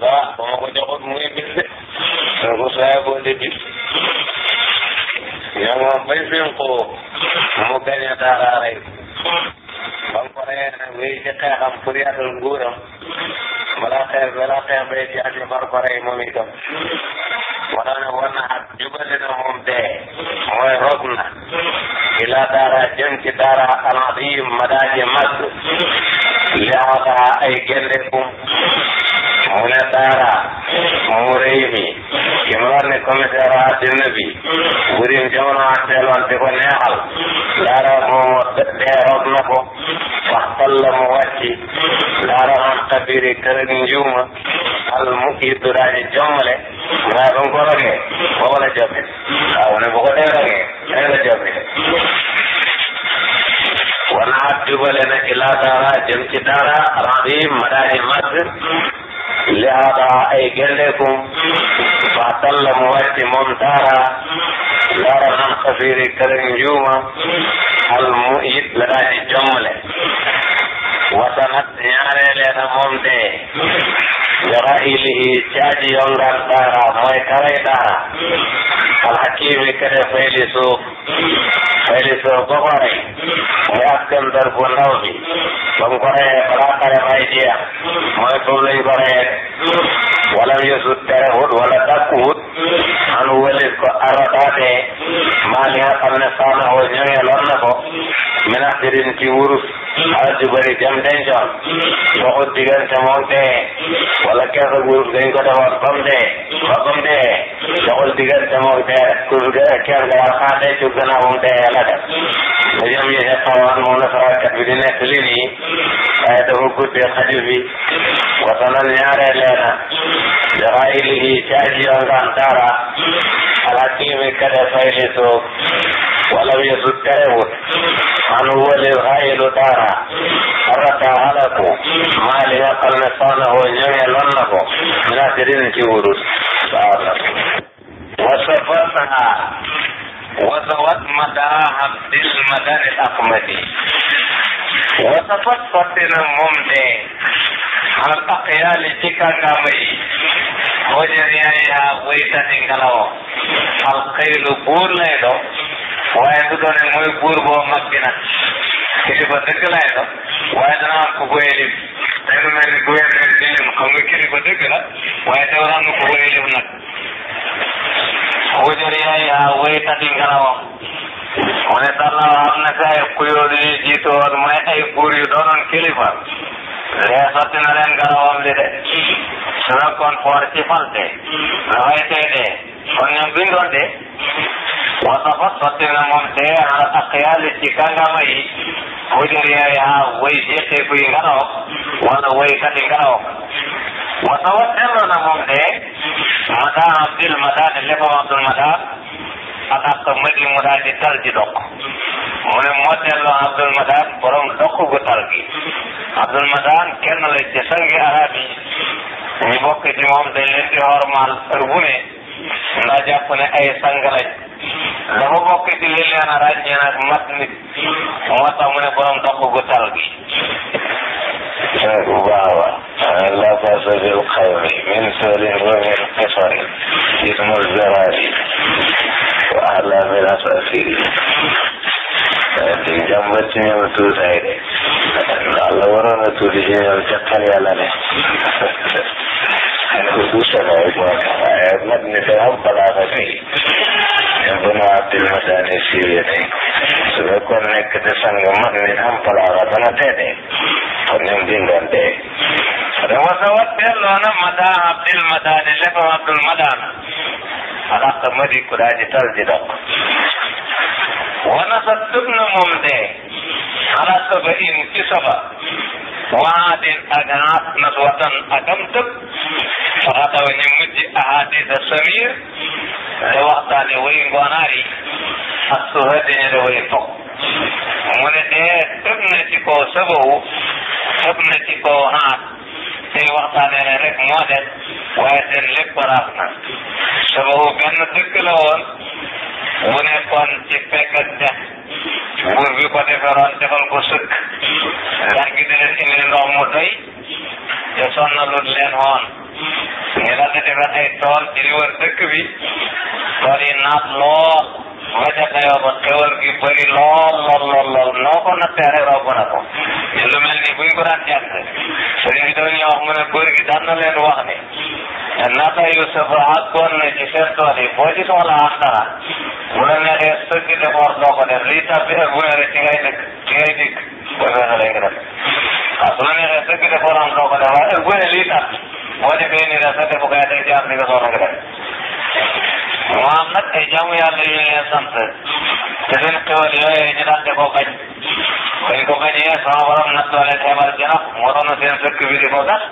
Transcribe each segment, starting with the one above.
ah boo ko joxoon muy bis de soo ko mu gañe dara rey ba mu ko reyee nag wéy ci xeexam pour yaatal nguuram balaa xeex balaa xeex bay jaay ñu bar ko rey moom itam wala ne war na ak jubali na moom dee mooy rog ila daara jëm ci daara al azim ma daa ji mag li ay gendekum mu Daara moomu rëy ki mu war ne commissaire àddina bi wurim jamono ko neexal Daara moomu dee rob na ko waxtal la mu wàcci Daara am tabiri kër ak al mu iddu daaji jommale waaye ba mu ko rogee boobu la jommi waaw ne bu ko dee rogee dee la jommi wana jubale na ila Daara jëm ci Daara rabi madaari mag lihada ay gendeekum fa talla mu wàcci moom daara laara nan xafiiri kërëm njuuma al mu it la daa di jommale watanat ñaareeleena moom dee yara ilihi caaji yongal daara mooy karay daara al hakimi kene fayli suuf xëy soo ko ko rey muy Iskandar bu ndaw bi ba ko reyee balaa xare bay jeex mooy foofu lañ ko reyee wala yosut terewut wala dakkuwut xanu wëlis ko arataatee maa li nga xam ne saanaxoo ñoŋeeloon na ko minax dirin ci wurus xaral ju bëri jam dencoon doxut diggante moom dee wala kees ak wurus dañ ko defoon ba mu dee ba mu dee doxul diggante moom dee kurus ga kees ga war xaa dencu gannaaw moom dee li nii waaye dafa guddee xaju bi wasanal ñaaree leena jaxaayi ligi ci aji yongaan dara alhakimi kade fayli toog walam yesu terewut xanu walil xaayilu dara arata halaku maa li nga xam ne sax na ko ñoŋee lon na ko mina sirin ci wurut waaw wasa fasaha wasa wat madaa abdil madani ahmadi wasafat sotti na moom de al aqyaali ci kàngaama yi boo jëlee yaa way tati ngelaw al xaylu buur lay doon waaye du doone mooy buur boo mag bi nag kilifa dëgg lay eh? doon eh? waaye dana am ku koy lim day lu mel ni gouverneur bi lim xam la waaye day war a am ku koy lim nag boo jëlee yaa way mu ne tànnal am na si ay kuyoor yu jiitu woon mooy ay buur yu doonoon kilifa lee sotti na leen garawam li de su fekkoon foor ci falte dafay tey dee kon ñoom bi ñu doon dee wasafa sotti na moom dee ala aqyaali ci kàngama yi fujari yaa way jeqeeku yi ngarawam wala waykat yi ngarawam wasafa seetlu na moom dee madaa abdul madaa ne lépp abdul madaa a ko mët yi mu daal di tal di dokk mu ne moo delloo Abdul Mataan borom dokk gu tal gi Abdul Mataan kenn ci sangi arab yi ñu bokk moom dañ leen di hormal heure bu ne ndax ay sang lañ dafa bokk ci li leen a ràññee nag mat nit mu ne borom dokk gu tal gi waaw la basa bil xawmi min sorin wa min qisari ismu zaraari wa ala min asafiri di jàmbat ci ñoom tuutaay de ndax la waroon a tuuti ci ñoom jàppal yàlla ne xëy na bu tuutale rek moom waaye mat ni dafa am balaa kay ibnu abdil madani siriya de su fekkoon nekk de sang mat ni am balaa dana tee de kon ñoom dingaan de wasa wat delloo na madaa abdil madani lefa abdul madani xalaq ma daa ji tas di dog wana sa tëb na moom dee xalaq ba in ci saba waa din ak nas watan akam tëb faxataw ñu mujj ahadisa samir da waxtaane way ngoonaar yi ak suha diñu da way toog mu ne dee na ci kaw sabawu tëb na ci kaw aat tey waxtaane ne rek moo des waaye seen lépp raaf na sababu benn dëkk la woon bu nekkoon ci pegg ak dex buur bi ko deferoon defal ko sëkk gar gi dina indi ndox mu doy te sonnalul leen woon ñu la di defar ay dëkk bi tool yi naat moo ca dayoo ba xewal gi bëri lool lool lool lool noo ko nattee rek romb na ko te lu ni buñ ko daan jàng sëriñ bi doon ñoo wax mu ne góor gi daan na leen wax ne naka Youssouf àggoon na ci seen tool yi boo ci soxlaa dara bu la neexee sëgg defoor doo ko def liy tàbbi ak bu ne ci ngay dëkk ci ngay dikk boo fexe lay def waaw su la neexee sëgg defoor am doo ko def waaye bu ne liy tàbbi boo defee nii rek sa defukaay day jaar ni nga soxla nga def. maam nag ay jaamu yàlla yu ñu leen sant te seen xewal yooyu ñu daan de ko bañ dañ ko bañee sama borom nag doole xeebal janax moo doon seen sëkk bi di ko gas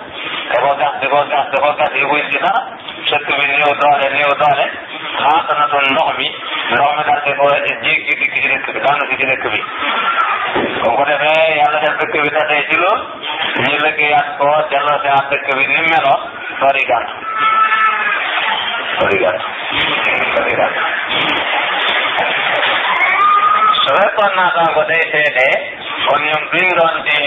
di ko gas di ko gas di ko gas yóbbuñ ci dara sëkk bi mi ndox mi daal di ko jéggi dikk ci dëkk bi daanu si ci dëkk bi bu ko defee yàlla def dëkk bi tasee ci lool ñu lëggee ak ko delloo si ni mu meloon sori Sohigan. Sohigan. Sowekoon naa kaa ko day seede kon ñoom duñ doon di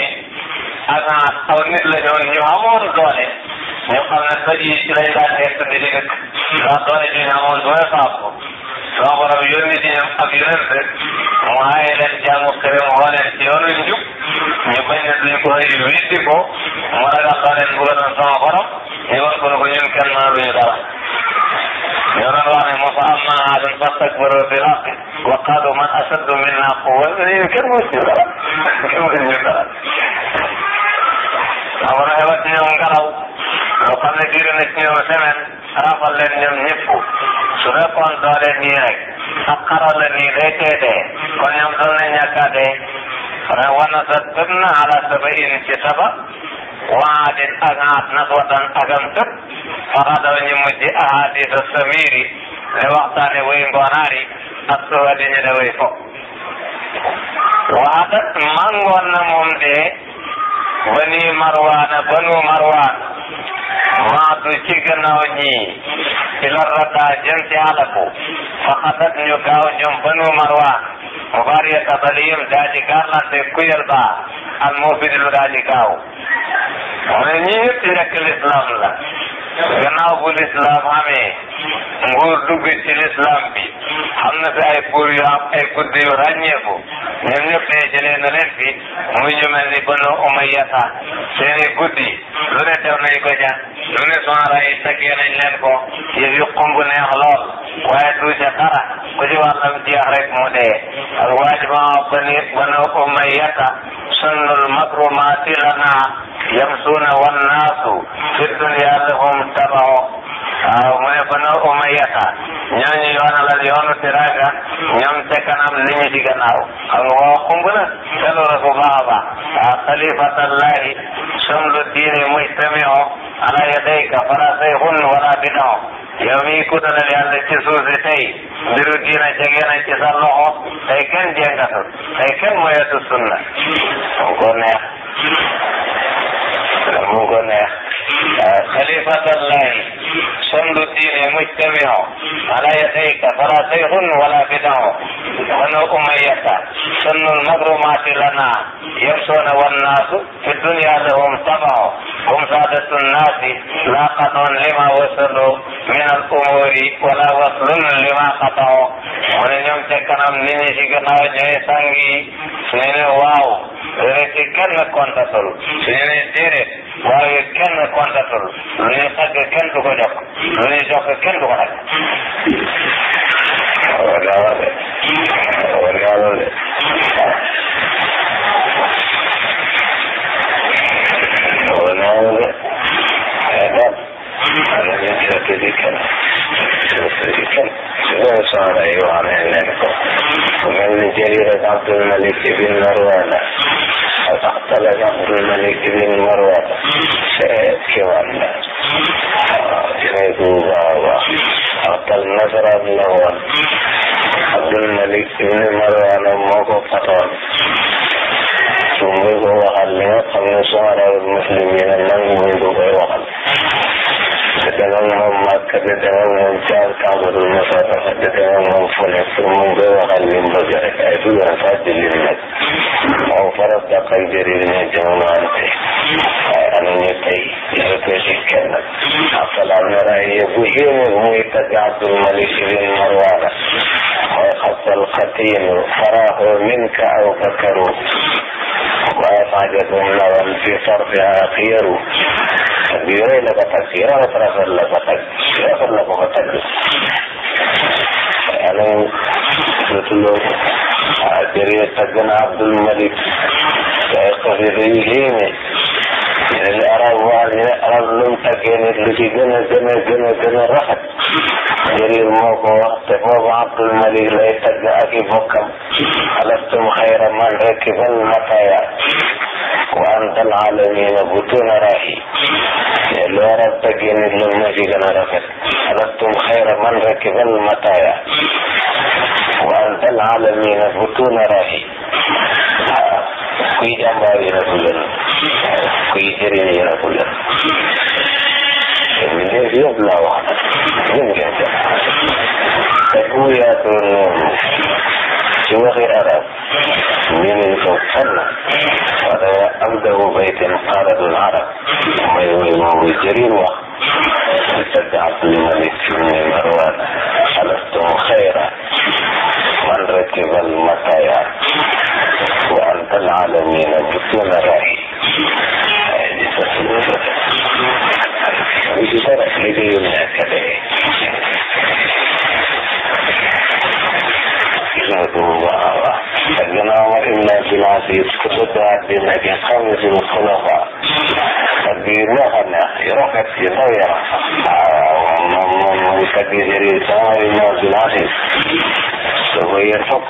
ak aw nit la ñoon ñu amoon doole ñoo xam ne soj yi ci lañ daan nekk di dëkk ndax doole ju ñu amoon doole faaf ko sama borom yónni di ñoom ak yónent rek mu aaye leen jàngu xëy mu woo leen ci yoonu njub ñu bañ ne duñ ko xëy witti ko mu ragal doo leen bëgg doon sama borom ñu war ko ne ko ñun kenn mënaluñu dara يرى وانا فاما عاد فاستكبروا في الارض وقالوا من اشد منا قوه كم مسلم كم مسلم amana xewa ci ñoom ngelaw loo xam ne diir na ci ñoom semaine rafal leen ñoom ñëpp su fekkoon doole nii rek ak xaral la nii day tee dee kon ñoom doon na ñàkkaatee ren wana sa tëb na ala saba in ci saba waadin ak aat naswatan ak am tëb faxa daw ñu mujj ahadis samiri ne waxtaane way ngoonaari ak suwa di ñu daway fo waada mangoon na moom dee bani marwaana banu marwaan maatu ci gannaaw ñi ci la radaa jëm ci alaku fa xatat ñu gaaw ñoom banu marwaan mu bari tabaliyum daaji gàllante kuyal ba al mufid lu daaji gaaw mu ne ñi yëpp ci rekk l'islam la gannaaw bu l'islam ci l'islam bi xam na fi ay buur yu am ay kudd yu ràññeeku ñoom ñëpp dee jëlee na leen fi muy ñu mel ni Banu Umayya seeni guddi lu ne def nañ ko ja lu ne soxna yi taggee nañ leen ko yëf yu xumb neex lool waaye du ca dara ku ci wàllam jeex rek mu dee ak waajima Banu Umayya sunnul makrumaati lana yamsuuna wannaasu fi dunya lahum tabaxo waaw mu ne banu umayata ñooñu yoonalal yoonu tiraanga ñoom ca kanam ni ñu ci gannaaw xam nga woo xumb na selu la bu baax a baax waaw xalifatallahi somlu diine mujtamio ala yadayka fala sayxun wala bidao yow mii ku dalal yàlla ci suuf si tey mbiru diina jege na ci sa loxo tey kenn jengatul tey kenn moyatu sunna mu ko neex mu ko neex خليفة الله صمد الدين مجتمع على يديك فلا سيف ولا بدع بنو أمية سن المكرمات لنا يمشون والناس في الدنيا لهم طبع هم سادة الناس لا قطع لما وصلوا من الأمور ولا وصل لما قطعوا من ñoom ca kanam nit ñi ci gannaaw ñooy sang yi su ñu ne waaw léegi kenn kontatul su ñu ne déedéet waaye kenn kontatul loolu lu ñuy sàgg kenn du ko jokk lu ñuy jokk kenn du ko nag wala de wala de وصار يوعى من منكم ومن جرير عبد الملك بن مروان Salama bin Malik bin Marwan see kéemaan la mm-hmm. waaw dinañ ko baax a baax mm-hmm. waxtaan nasaraan la woon mm-hmm. Abdul Malik bin Marwan moo ko fatoon su mu ko waxal li nga xam ne soo xaral muslim yi nangu mu ko koy waxal dem ak moom Màkka di dem ak moom Thiam Tamba Moussa di dem ak moom fu nekk pour mu koy waxal li mu bëgg rek ay du yoon sax di lim nag moom farat dàq ak jëriñ ne jamono ante waaye ana ñu tey yàlla koy si kenn nag afalaam na raay yëbu yéeme muy tagg Abdul Malik ibn Marwana mooy xasal xatiinu faraaxu minka aw bakaru waaye xaajat moom nawal fi sarfiha xiyaru tagg yu rëy la ko tagg yu rafet rafet la ko tagg yu rafet la ko ko tagg ana jotuloo ah jërëjëf tagg na Abdul Malik ay xasida yu yéeme li arab wax ñu ne arab lum taggee nit lu ci gën a gën a gën a gën a rafet jëriñ moo ko wax te boobu Abdul Malik lay tagg ak i bokkam alastum xayra man rek ban mataya wa antal alamina butuna rahi ne lu arab taggee nit lu mu ci gën a rafet alastum xayra man rek ban mataya wa antal alamina butuna rahi kuy jàmbaar yaratu leen kuy jëriñ yaratu leen te bu dee bi yëpp laa wax ñun ngeen def te ku yaatoo noonu ci waxi arab ñu ne ko fenn wala abdahu baytin qaalat al arab mooy mooy moomu jëriñ wax te dàq li ma nekk ci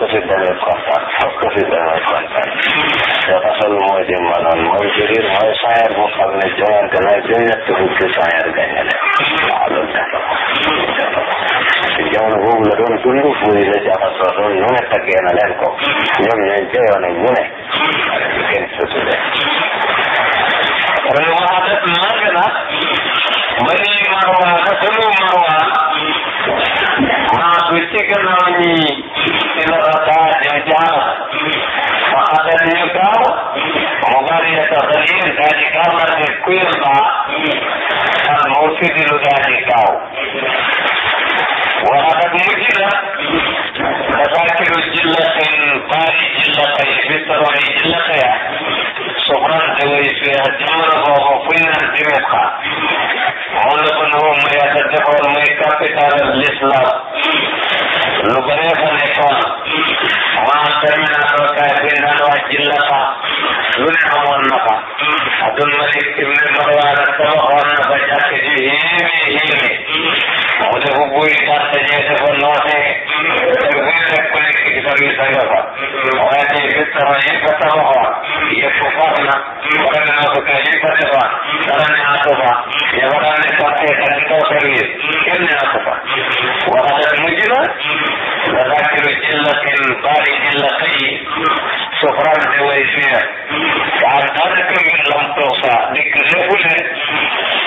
ko si demee kontaan foog ko si demee kontaan te asal moo di manoon mooy jëriñ mooy sañar bu xam ne joŋante lay jëm ñett fukki sañar gañe leen waaw loolu dafa ko te jamono boobu la doon dund buur yi la jaxasoo doon ñu ne taggee na leen ko ñoom ñooy jëyoon ak ñu ne kenn sotule رواده مرنا بني مروان كل مروان ما تشكنا ني ذلك مضارية ضمير ذلك مرض كيرنا المرسل ذلك وهذا بيجينا تذاكر الجلة قاري جلة بسرع جلة سقران دوي فيها جمرة وغفين الدمقة مولك هو ما يتدقون ما يكابتال الإسلام lu bëree fa nekkoon a terminator kaay bi ñu daan la fa lu ne amoon na fa Abdul Malik ibn Marwan tabaxoon na fa jàkk ji yéeme yéeme mu ne bu buy jàkk ji dafa noote te buy rek ku nekk ci sa biir sa nga fa waaye tey bi sama yi fa tabaxoon yëpp far na wala na ko kaay yi fa defoon dara ne atu fa yabara neexal ci kaw xel yi kenn ne ak fa waxadat mujj na rakiru jillatin baari jillatayi sofran de way fiya waa daanaka min lam toosa dikk lefule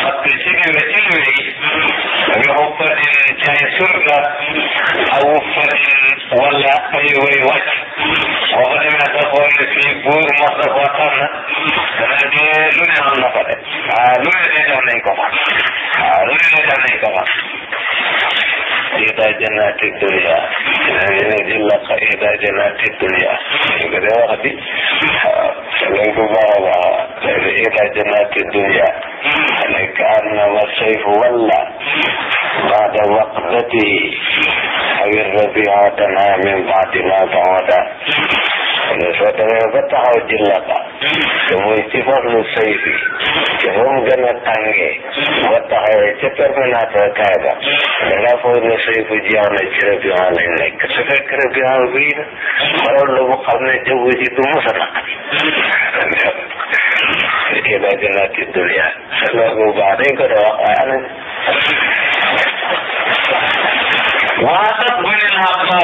fatte ciniwe cilwey yo hoppanin cay surga awu fanin walla ay way wàcc waxanime boo ne fii buur mos na koo xam na dana dee lu ne am na ko de waaw lu ne dee def nañ ko fa waaw lu ne dee def nañ ko fa ida jannati dunya illa ka ida jannati dunya nga de wax di lañ ko baax a baax ida jannati dunya nekk annama sayfu walla baada waqdatihi awi rabiha tanha min baadi ma bawada soo demee ba taxaw jillaka te muy ci fadlu sayfi te fa mu gën a tàngee ba taxawee ca terminateur kaay ba da ngaa foog ne saytu jiw na ci rëbbion lay nekk su fekk rëbbion buy na xoolal la bu xam ne jaww ji du mos a naq. ila jannati dunya loolu bu baax dañ ko doon wax waaye ana. waa sax bu ne naa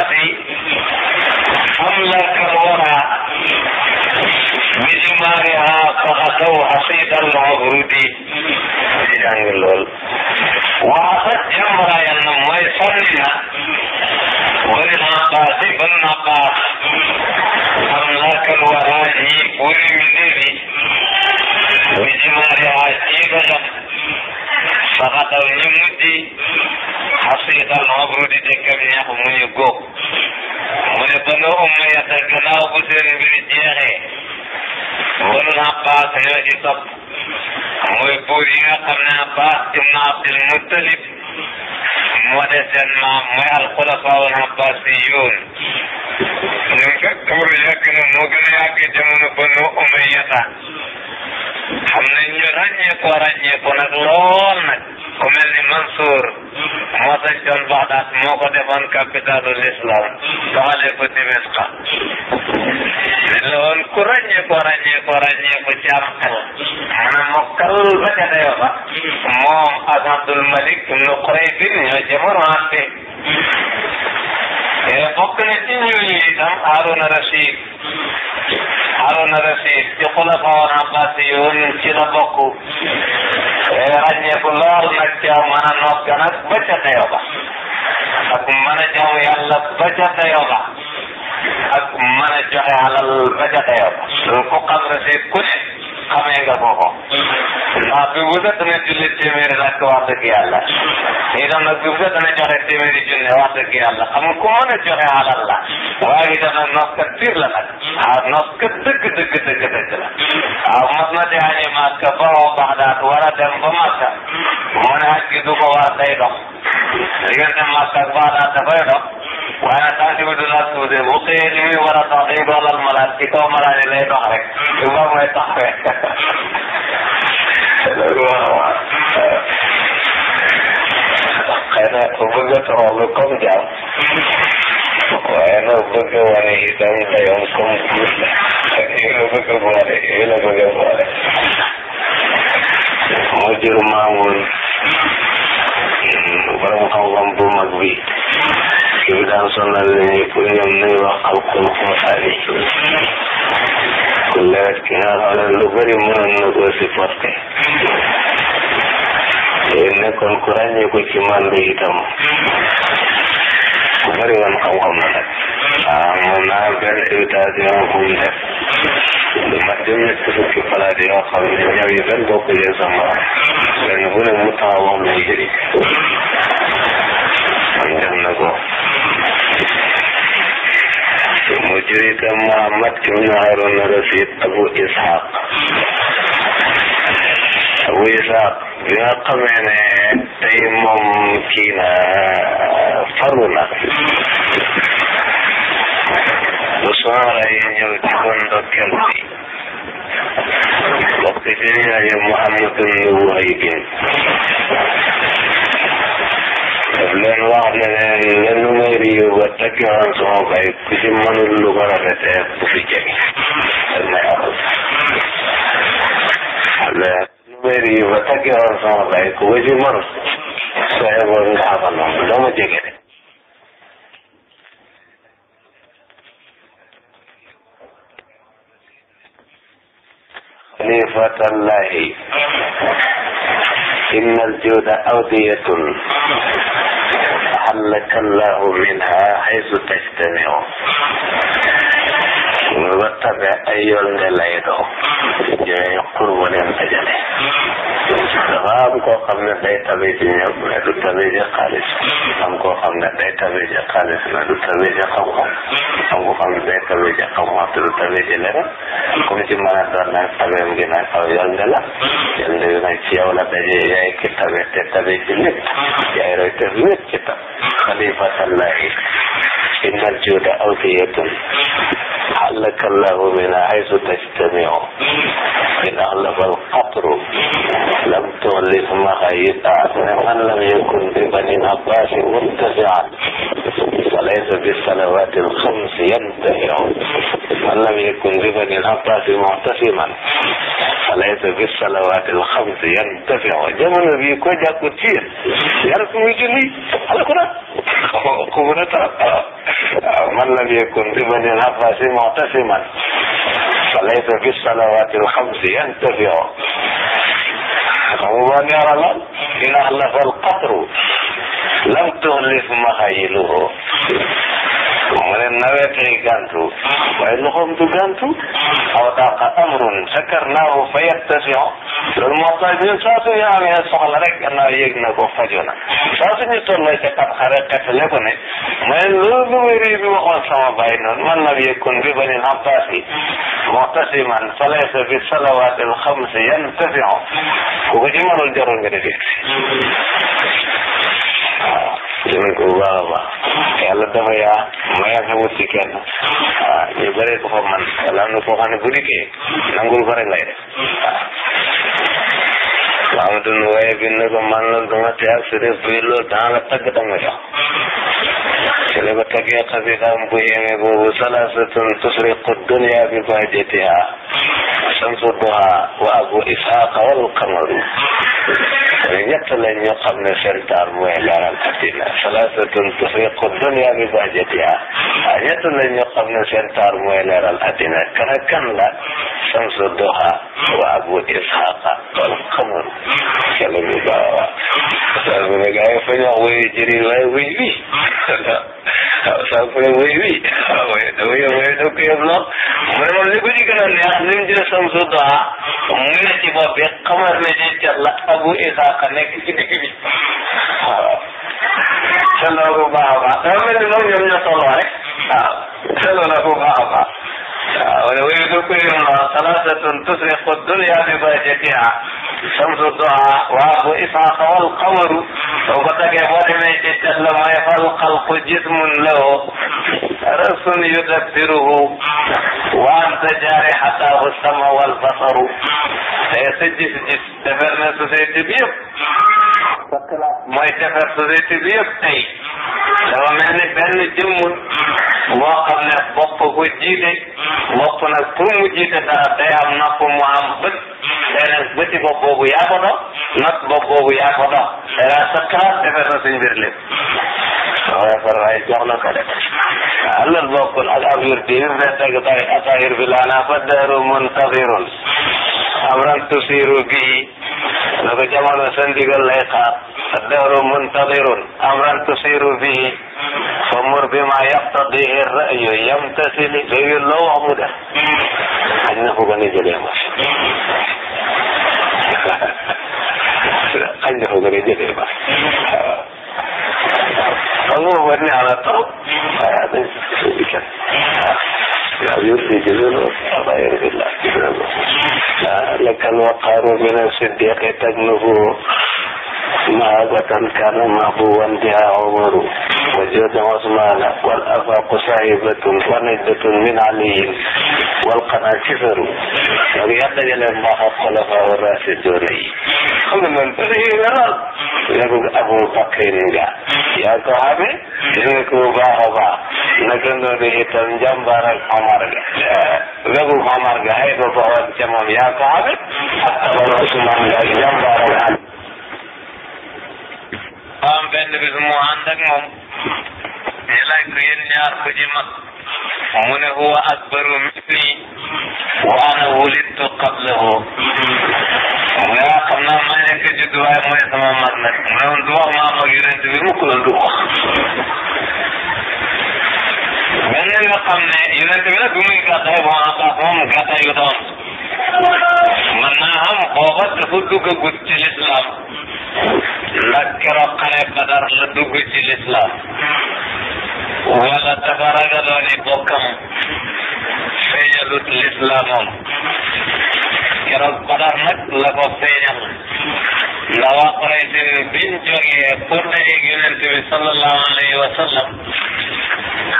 am la ka wara بجماعها فأتوا حصيد المغرود جانج لول وحصد جمرا ينم ويصلنا ولنقاس بالنقاس أملاك الوراجي قولي مدري بجمارها جيبنا فقطوا نمدي حصيد المغرود دكم يحمي قوق mu ne ba nga umm yata gannaaw bu seen mbir jeexee wal Abbas ñoo ci topp mooy buur yi nga xam ne Abbas ibn Abdul Muttalib moo de seen maam mooy alxulafaa al-abbaasiyuun ñun kat dawru yàgg na moo gën a yàgg jamono Banu Umayyata xam nañ ñu ràññeekoo ràññeeku nag lool nag ku mel ni Mansour moo sañcoon Baxdaad moo ko defoon capitalu l'islam doxalee ko Dimashqa mais loolu ku ràññeekoo ràññeekoo ràññeeku ci am xel maanaam mokkal ba ca dayoo ba moom ak Abdul Malik ibnu bokk na ci ñooñu itam Haruna Rashid Haruna Rashid ci xulafa woon Abbas yoon ci la bokk ràññeeku lool nag ca mën a nokka nag ba ca dayo ba ak mën a jaamu yàlla ba ca dayo ba ak mën a joxe alal ba ca dayo ba ku xam Rashid ku ne xamee nga ko ko waaw bi bu set dana julli téeméeri rakk wax dëgg yàlla itam nag bi bu set dana joxe téeméeri junne ku mën a joxe alal la waaye itam nag nos la nag waaw nos kat dëgg la waaw mos na di añi màkka ba moo bax daat war a dem ba màkka mu ne aj gi du ko war day dox diggante màkka ak bax waaye xaasibu du natt bu dee bu xëyee li muy war a dox day doolal malaat ci kaw malaat yi lay dox mu am mooy tax rek loolu waaw waaw xëy na bëgg a toroxlu comme jaam waaye nag bëgg a wane itam dayoo comme guur la ak yéen a bëgg a boole bi daan sonal la ñu pour ñoom nuy wax xalqul qur'ani ku lewet ki nga xam ne lu bëri mënoon na ko supporté te ku ràññee ko ci mànd itam ku bëri woon xam-xam la nag ah moom naa benn invitation bu mu def lu mat dem ñett fukki palaat yoo xam ne ñoom yi benn bokk leen sa morom benn bu ne mu taxaw wax lu njëriñ man dem na ko jurita Muhammad ibnu Haruna Rashid Abu Ishaq Abu Ishaq bi nga xamee ne tey moom kii na faru na bu soxla yi ñëw ci ko ndokkeel bi waxtu bi ñu naan Muhammadun Nuwaybin daf leen wax ne leen yenn weer yi ba tekki woon sama bay ku ci mënul lu ko rafetee bu fi jege. weer yi nga xamal noonu doo ma jege de. xalifatallahi inna aljuuda awdiyatun xallaka allahu minha xaysu tajtamiu ñu ba tabe ay yoon ne lay doo yooyu xur bu leen dajale dafa am koo xam ne day tabe ci ñëpp mais du tabe ci xaalis am koo xam ne day tabe ci xaalis mais du tabe ci xam xam-xam day tabe ci xam-xam te du tabe ci leneen comme ci mën a doon nag tabeem gi nag la yolnde bi nag ci yow la daje yaay ki tabe te tabe ci lépp yaay roy te lépp ci tab xalifatallahi innal juuda awdiyatun xallaka allahu min haysu tajtamiu in axlafa alqatru lam tuxlis maxayit man lam yakun bi وليس بالسنوات الخمس ينتهي من لم يكن ببني العباس معتصما وليس بالسنوات الخمس ينتفع jamono bii ko jàkkut ci yéen yàlla ku muy julli alku na ku mu ne tax waaw man lam yakun bibani l-abbasi mu'tasiman fa laysa bi salawaati l-xamsi yantafi'u xam nga boo neera lool dina la fal qatru lam tuxlif maxayiluhu mu ne nawet ni gàntu waaye loxoom du gàntu aw daqa amrun sakarnaahu fa yattasion loolu moo tax ñun saa su ñu amee soxla rek gannaaw yëg na ko faju na saa su ñu tolloo ca kat xare xetale ko ne mu ne loolu mari bi waxoon sama bàyyi noonu man nag yëkkoon bi banil abbas yi muctasiman fa laysa bi salawat al xamsi yantafiu ku ko ci mënul jarul nga di jëmee ko bu baax a baax yàlla dafa yaa maya xewut ci kenn waaw ah, ñu bare ko xam man yàlla am na koo xam ne bu dikkee nangul ko rek lay def ah. waaw waaw dun waaye bi ne ko man la duma te ak su def bi loolu daan la tagg tam nga jox xale ba tegee xasidaam bu yéeme boobu salaasatun tusriqu dunya bi bahjatiha samsu duha wa abu ishaqa wal qamaru kon ñett lañ ñu xam ne seen taar mooy leeral addina salaasatun tusriqu dunya bi bahjatiha ñett lañ ñu xam ne seen taar mooy leeral addina kan ak kan la الشمس ضحى وابو اسحاق والقمر كلام بابا سالفه nag ay fañ wax wéy jëriñ waaye wéy bi waaw saalfa ne wéy bi waaye wéy wéy da ko yëpp lool mu ne moom li ko ci gën a neex ni mu jël samsu doha mu ne ci bopp bi xamar ne ci cat la abu isaaqa nekk ci digg bi waaw selloo bu baax a baax dafa mel ni ñoom ñoom ñoo tolloo rek waaw selloo na bu baax a baax ويذكرهما ثلاثة تسرق الدنيا بباجتها شمس الضحى وأبو إسحاق والقمر وبتك فاطمة تسلم فالخلق جسم له رأس يدبره وأنت جارحته السمع والبصر. tey sa gis-gis defar na société bi yëpp mooy defar société bi yëpp tey dafa mel ni benn jëmm moo xam ne bopp ko jiite bopp nag pour mu jiite dara day am nopp mu am bët day nag bëti bopp boobu ko dox not bopp boobu yaa ko dox dara sa kalaat defar na suñ mbir lépp waaye faray jox na ko alal bokkul ak abir bi mu fekk dara atahir bi laana fa daaru amran tusiru bihi na ko jamono sa ndigal lay amran tusiru bihi fa bi ma yaqtadihi rayu yamtasili léegi loo wax mu def xaj na fu ko ni jëlee ma xaj na fu ko ni jëlee يرضي جبينه وما يرضي الله جبينه لك الوقار من الصديق تجنبه مهابة كان مهبوا بها عمر وجود عثمان والآفاق صاحبة ونجدة من علي والقناة كفر donc yàlla dajale mbaaxal xolafaawu raasidun yi xam nga man bëri yi nga xam. yaa ko Abu Bakrin nga. yaa ko xamee. gis nga ko bu baax a baax. naka noonu itam njàmbaar ko woon ca moom yaa ko xame ak tabal Usmaan ga ak njàmbaar ak am benn bis mu ànd ak moom ñu laaj ko huwa akbaru minni wa ana wulidtu qablahu mu ne ah xam naa maa njëkk a judd waaye mooy sama mag nag mu ne woon du wax maa mag yonent bi mukk la beneen nga xam ne yonent bi nag du muy gàttay bon attaque moom gàttay yu doon man naa xam booba dafa duggagut ci lislaam ndax keroog xare Badar la dugg ci lislaam wala dafa ragaloon bokkam feeñalut lislaamam keroog Badar nag la ko feeñal ndax waa Quraysh biñ jógee pour dajeeg yonent bi sallallahu alayhi wa sallam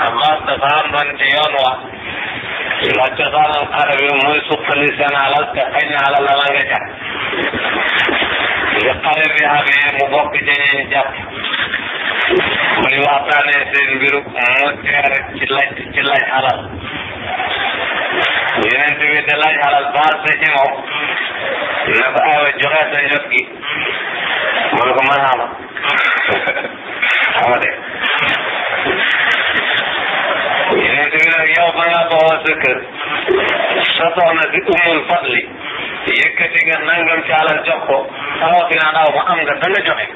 Abbas dafa àndoon ci yoon wa ndax cosaanam xare bi muy suqali seen alal te xëy na alal la nga jàpp bi xare bi amee mu bokk ci ñuy jàpp mu ñu waxtaanee seen mbiru mu teer ci laaj ci laaj alal yonent bi da laaj alal baal sa ci moom ne ko awa joxe sa njot gi mu ne ko man xama xama de yonent bi nag yow ba nga bawoo sa kër sa soxna si umul fadli yëkkati nga nangam ci alal jox ko amoo fi naa daaw ma am nga danga joxe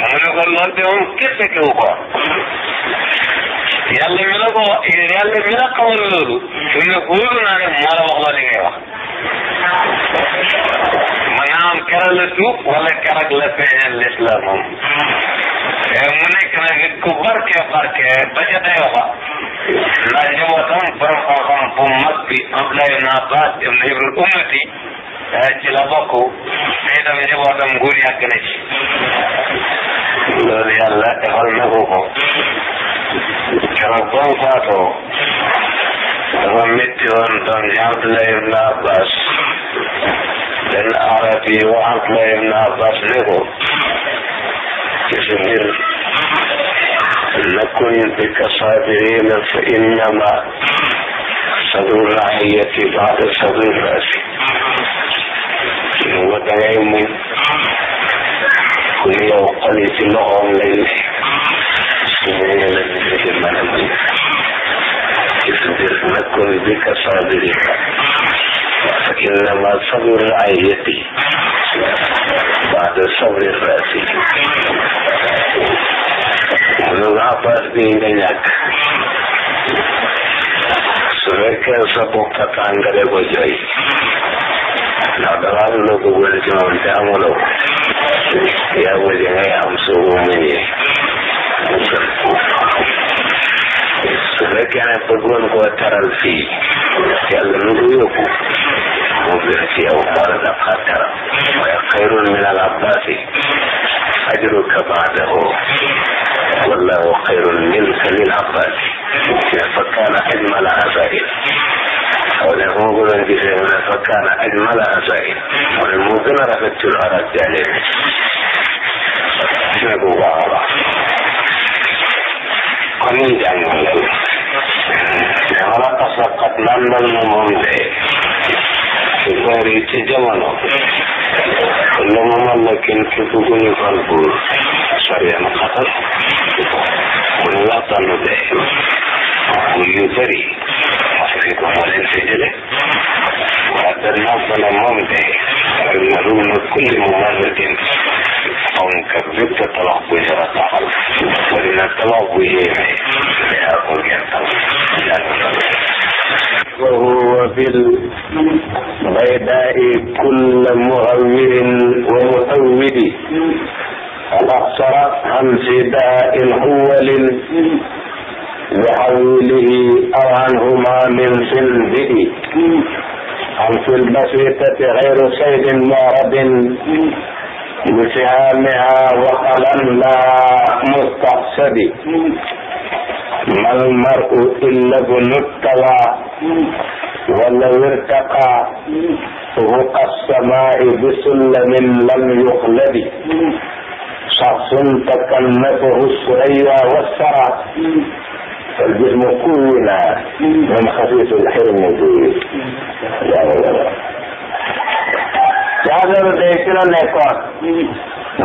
mu ne ko loolu de moom képp fekkewu ko yàlla mi la ko yàlla mi la xamal loolu su ne wóolu naa ne moo la wax la li ngay wax maanaam keroog la tuub wala keroog la feeñal lislaam moom mu nekk nag nit ku barke barke ba ca dayoo ba ndax njabootam borom xam-xam bu mag bi Abdoulaye ibn Abbas ibn Ibru ummati ci la bokk te itam njabootam nguur yàgg na ci loolu yàlla defal na ko ko keroog ba mu faatoo dafa métti woon doon ñu Abdullah ibn Abbas benn arab yi wax Abdullah ibn Abbas ne ko ci sa mbir nakun bika sabirina fa innama sadur raayati baada sadur raasi mu da ngay muñ ku yow xol yi ci loxoom lay ne فإنما صبر عيتي بعد صبر راسي lu nga baat bi nga ñàkk su fekkee sa bopp tax nga de ko jooy ndax dafa am loo ko bëri ci moom te amuloo yaa ko ji ngay am soo ko muñee su fekkee ne bëggoon koo taral fii yàlla nu ko yóbbu moo gën ci yow moo la daf xaar taral waaye xayrun min al abbasi ajruka baadahu wallahu xayrun minka lil abbasi ne fa kaana ajmala asail aw ne moo ko doon gisee mu ne fa kaana ajmala asail mu ne moo gën a rafet ci lu arab jaale ne ko baax a baax ko ni jàngal dama la tasakat landal na moom de ci kër yi ci jamono lu mu mën la kenn ki ku guñu fal buur sariyan xatar mu la tànn de mu yu bëri parce que ko moo leen fi jële waa dana moom de na rum na kulli mu mën la kenn fonk bépp tabax bu ñu la taxal wala na tabax bu yéeme mais ak mu ngeen tax jàng wa huwa bil baydaa'i kulla muhawwirin wa mutawwidi alaxsara an sidaa'in huwalin وحوله أو عنهما من سلبه أو في البسيطة غير صيد معرض بسهامها وقلم لا مستحسد ما المرء إلا ابن التوى ولو ارتقى فوق السماء بسلم لم يخلد شخص تكلفه السريا والسرى فالجسم كله من خفيف الحرم يعني jaagaru dee ci la nekkoon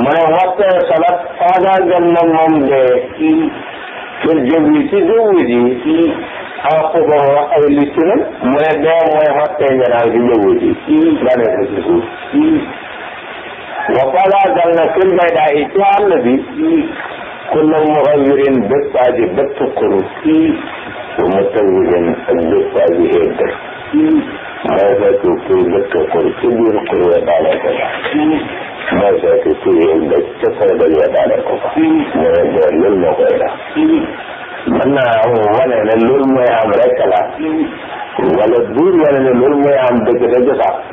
mu ne waxte salat faagaagal na moom dee fil jëbbi ci jëwu ji aw xubaru ay littinam mu ne dee mooy waxte janaaw ci jëwu ji nga ne ko ci suuf wa faagaagal na fil bay daa yi ci àll bi kulla muxayirin bépp aji bépp kuru wa mutawilin ak bépp aji mooy fekk kuy dëkk koy ci biir kuy yóbbaale ko fa. mooy fekk kuy yëg dëkk ca koy dëkk yóbbaale ko fa. mooy doon loolu moo koy def. mën naa wane ne loolu mooy am rek la. wala buur yàlla ne loolu mooy am dëgg da jotaat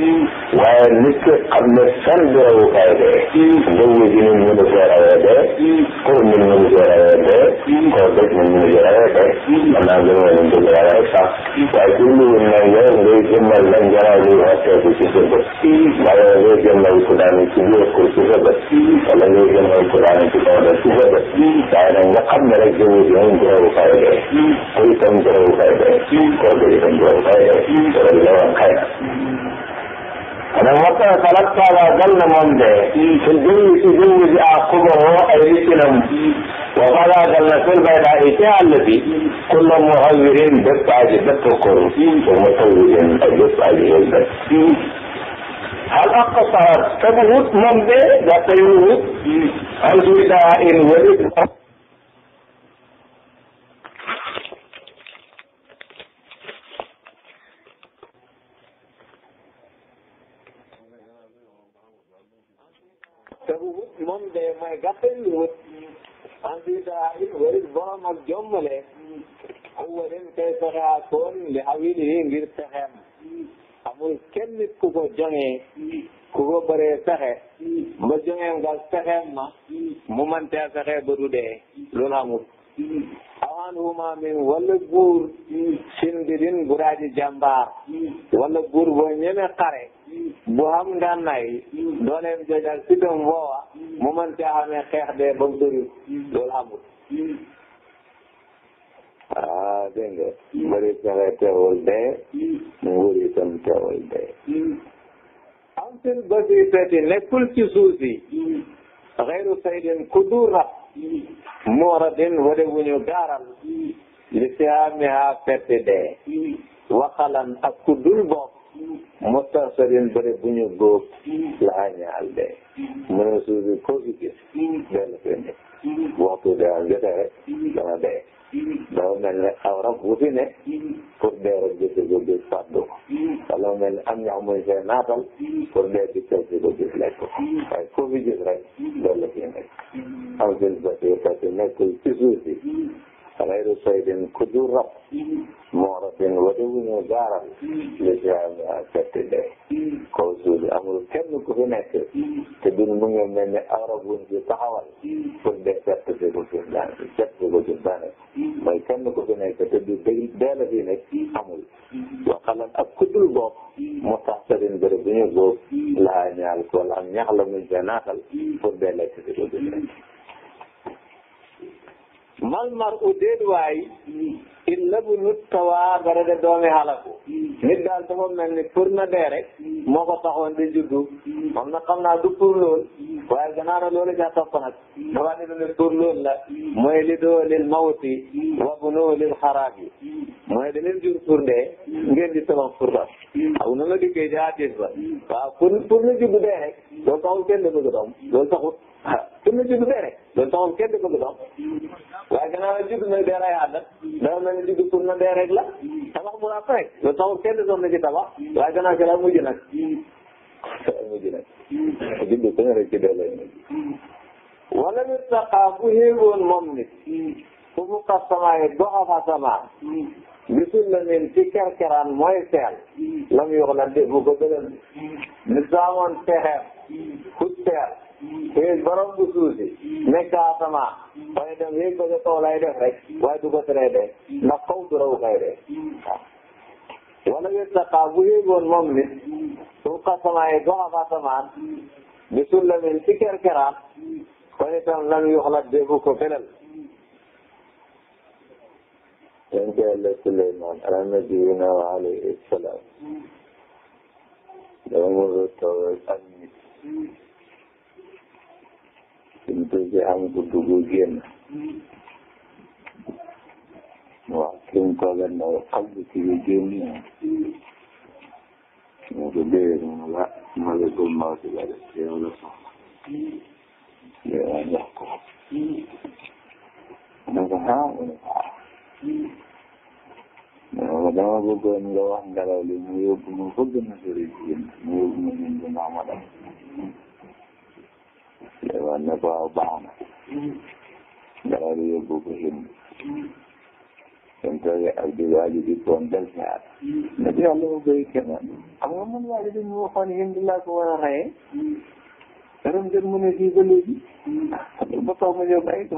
waaye nit ki xam ne fan bi rawukaay dee ndëgg ji ni mënu fee rawee dee pour ni mënu fee rawee dee koo dëgg ni mënu fee rawee dee man naa gën a dëgg rawee rek sax waaye ci lu ne yow ngay jëmmal la ngelaw luy xotteeku ci sa bët wala ngay jëmmal ku daanu ci biir ko ci sa bët wala ngay jëmmal ku daanu ci kaw def ci sa bët waaye nag nga xam ne rek dëgg ji moom du rawukaay dee te itam du rawukaay dee koo dëgg itam والغاية واللون خير أنا وقت خلقت على ظل من في الجن في جن أعقبه أي لسلم وقال ظل في البيضاء تعلفي كل مغير دفع جدت القرون ومتوج أجف عليه البس هل أقصرت تبوت من ذا تيوت هل إذا إن ولد te bu wut moom de may gàttal lu wut en tout cas borom ak jommale am kay fexe akoon li awil ngir fexeem amul kenn nit ku ko joŋee ku ko bëree fexe ba joŋeem nga fexeem ma mu man tee fexe ba du dee loolu amul awan huma min walla buur sindidin buraaji jàmbaar walla buur boo ñeme xare bu xam ngànnaay dooleem jooju ak fitam boowa mu mën caa xamee xeex dee ba mu loolu amul. ah dégg nga. bëri pexe teewul dee. mu wëri itam teewul dee. am fil basitati nekkul ci suuf si. xeyru saydin ku duur rab. mooradin wade wu ñu gaaral. li si amee ha perte dee. waxalan ak ku dul sa mustansarin bëri bu ñu góob laa ñaal de mu ne suuf bi koo fi gis benn benn waxtu bi am jotee rek dana dee dafa mel ne aw rab bu fi ne pour de rek gis ko gis fàddu ko am ñax muy fee pour dee di teg ko gis lekk ko waaye koo fi gis rek loolu la fi nekk am seen bët yi parce que nekkul ci suuf xayru saydin ku dul rab moo rabin wala wu ñu gaaral li ci am setti day kaw suuf bi amul kenn ku fi nekk te dul mu ngi mel ni arab wuñ ci taxawal pour de setti si ko suuf daan setti si ko suuf daan mooy kenn ku fi nekk te du dee la fi nekk amul waxalan ak ku dul bopp mu tax sarin bërëb bu ñu góob laa ñaal ko am ñax la muñ fe naatal pour de lekk si ko suuf mal mar u déet waay illa bu nut tawaa bara de doomi xalaku nit daal dafa mel ni pour na dee rek moo ko taxoon di juddu moom na xam naa du pour lool waaye gannaaw na loolu ca topp nag dafa di lu ne pour lool la mooy li doo lil mawti wa bunoo lil xaraab yi mooy da leen jur pour dee ngeen di tabax pour doom aw na la diggee ci hadis ba waaw pour pour na juddu dee rek loolu taxul kenn di bëgg doom loolu taxul ah, na juddu dee rek loolu kenn di bëgg waaye gannaaw la judd nag dee ay àdda na dee rek la tabax na ci tabax waaye gannaaw ci la mujj nag mujj nag judd ku ne rek ci dee lay mujj wala nit saqaa bu xéegoon moom nit fu mu xas samaay doxa fa samaa bisul la nin ci kerkeraan mooy seel lam yox la dé bu xëy borom bu suuf si nekk asamaan waaye itam yéeg ba ca kaw lay def rek waaye du ko teree dee ndax kaw du raw kay dee waaw. wala yéeg sa xaar bu yéegoon moom nit suuf asamaan yi gox ab asamaan bi suul la mel ci kerkeraan kon itam lan yoo xalaat déggu ko feneen. yan ca yàlla Souleymane ala nabiyina wa alayhi salaam dama mën a toog ak nit. buntu bi am ku dugg génn waaw kim toogal na xam nga ci bi génn mu ko déwén mu la malakul mawti la def ci yow la soxla yow jox ko mu ne ko ah mu ne ko ah mu ne ko dama bëggoon nga wax ngelaw li mu yóbbu mu bëgg na sori jigéen mu yóbbu ma ñun du ma ma dem Suleymaan ne ko waaw oh, baax na nga di yóbbu ko Hind dem toogee ak di waaji di pompel si at ne ko yàlla ma bëri kenn xam ko war a reyee dara mu jot mu ne fii ba léegi ba taw ma ñëw bàyyi ko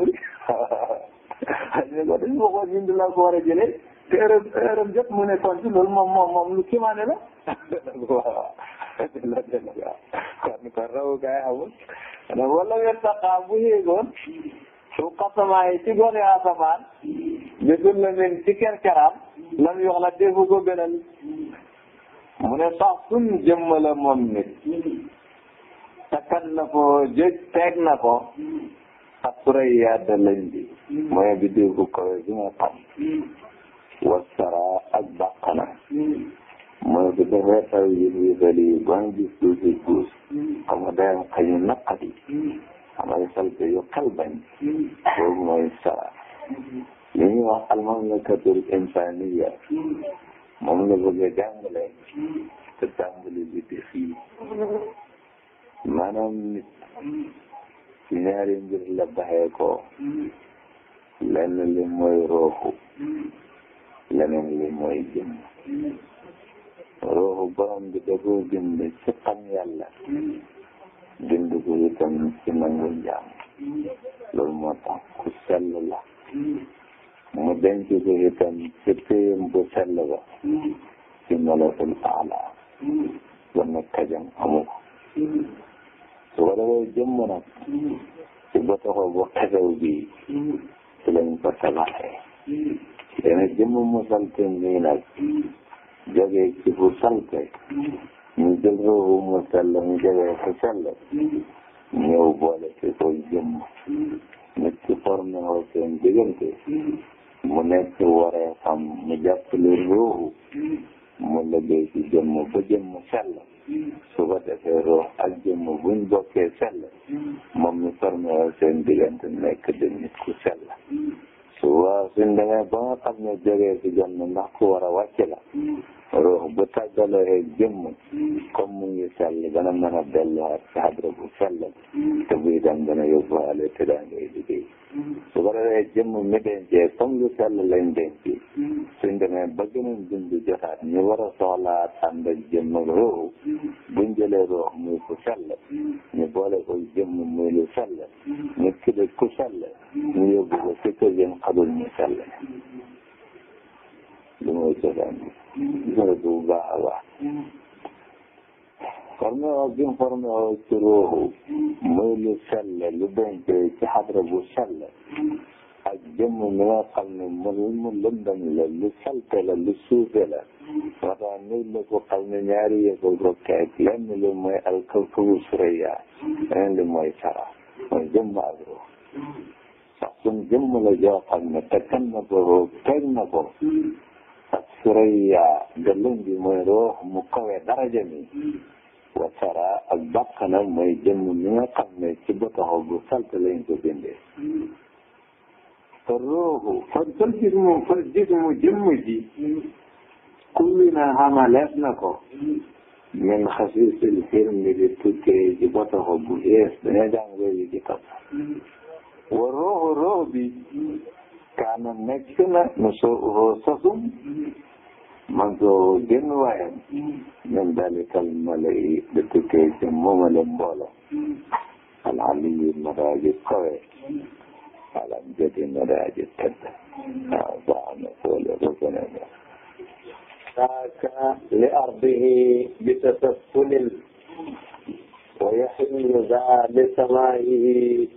ne ko dañu waxoon Hind ko war a jëlee te heure heure jot mu la kon kon rawu gaay amul ndax wala weer saxaa bu yéegoon su xasamaa yi ci gone asamaan bi dul la mel ci kerkeraam lam yox la defu ko benal mu ne sax sun jëmm la moom nit na ko jëj teg na ko ak suray yadda lañ bi mooy bi ko bi ma xam wasara ak bàqana mooy bu defee taw yi ñuy bëri ba nga gis suuf si guus am xañu naqari amay yu xel bañ boobu sara li ñuy wax almamlakatul insaniya moom la bëgg a jàngale te tàmbali bi di fii maanaam nit ci ñaari mbir la baxee ko lenn li mooy rooxu leneen li mooy jëmm ruuxu borom bi da koo bind ci xam yàlla bind ko itam ci nangu jaam loolu moo tax ku sell la mu denc ko itam ci péyam bu sell ba ci malakul aala wanna kajam amu ko su ko defee jëmm nag ci botoxo bu xesew bii ci lañ ko tabaxee dana jëmm mu saltin nii nag jógee ci bu salte ñu jël ruuxu mu sell mu jógee fu sell ñëw boole ci ko jëmm nit ki formé woo seen diggante mu nekk waree xam mu jàppale ruuxu mu liggéey ci jëmm ba jëmm sell su ko defee ruux ak jëmm buñ bokkee sell moom mi formé woo seen diggante nekk di nit ku sell su waa suñ demee ba nga xam ne jógee ci jëmm ku war a la ruux bu tàggaloo rek jëmm comme mu ngi sell dana mën a delluwaat si hadra bu sell te buy dem dana yóbbuwaale te daa ngay liggéey su ko defee jëmm mi dencee comme lu sell lañ denc suñ demee ba gën a dund jotaat ñu war a soxlaat ànd ak jëmm ak ruux buñ jëlee ruux muy ku sell ñu boole ko jëmm muy lu sell ñu kii ku sell ñu yóbbu ko si kër yi xadul ñu sell. li muy cosaan gis nga ko bu baax a baax formé woo gi mu formé woo ci ruuxu muy lu sell lu dencee ci xadra bu sell ak jëmm mi nga xam ne mu mu lëndëm la lu salte la lu suufe la waxtaan nit la ko xam ne ñaari yëkkul ko keek lenn li mooy alkalkulu suraya leneen li mooy sara mooy jëmm ak ruux sax suñ jëmm la joo xam ne tekkan na ko ruux teg na ko suraya gëllëm bi mooy roox mu kawe daraja mi wasara ak bakkanam mooy jëmm mi nga xam ne ci botoxo bu salte lañ ko bindee te rooxu far fal jismu far jismu jëmm ji kulli na xamaleef na ko min xasiisil xirmi di tukkee ci botoxo bu ees dañoo jàng yooyu ci topp wa rooxu roox bi kaana nekk na nu soo sasum man soo génn waayam min dalikal mala'i da tukkee ca moomale mboolo al aliyu maraaji kawe alam jadi maraaji tedd waaw baax na foole ko gën a neex saaka li ardihi bi tasaffunil wa yaxillu daa li samaa'ihi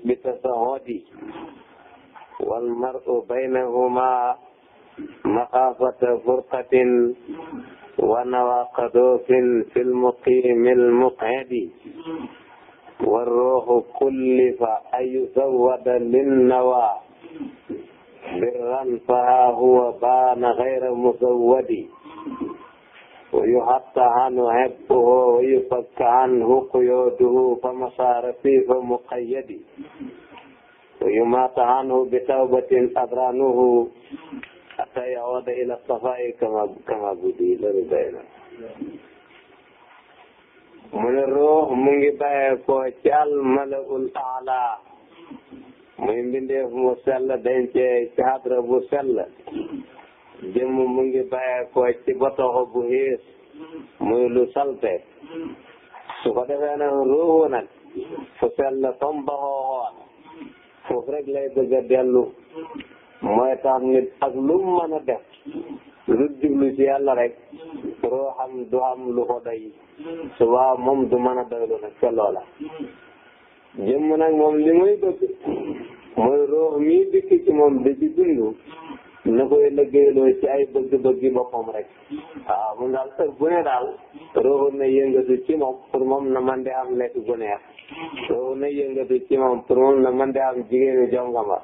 bi tasahudi wal mar'u baynahuma maxaafata furqatin wa nawaqadofin fi lmuqimi almuqadi warruuxu kullifa an yusawwada linnawa birran faha huwa baana gayra musawwadi wa yuhatta anhu hebbuhu wa yufakka anhu quyuuduhu fa masaara fiifa muqayyadi ويمات عنه بتوبة أدرانه حتى يعود إلى الصفاء كما كما بدي loolu day na mu ne ruux mu ngi bàyyee ko ci al-mala'ul a'la muy mbindeef mu sell dencee ci hadra bu sell jëmm mu ngi bàyyee ko ci botoxo bu xiis muy lu salte su ko defee nag ruuxu nag fu sell comme ba xooxoon foofu rek lay bëgg a dellu mooy tax nit ak lu mu mën a def lu jublu ci yàlla rek rooxam du am lu ko doy subaa moom du mën a doylu nag ca loola jëmm nag moom li muy bëgg mooy roox mii dikk ci moom di ci dund na koy liggéeyloo ci ay bëgg-bëggi boppam rek waaw mun daal sëg bu ne daal rooxu na yëngatu ci moom pour moom na man de am lekk gu neex roohu na yëngatu ci moom pour moom na de am jigéenu jongama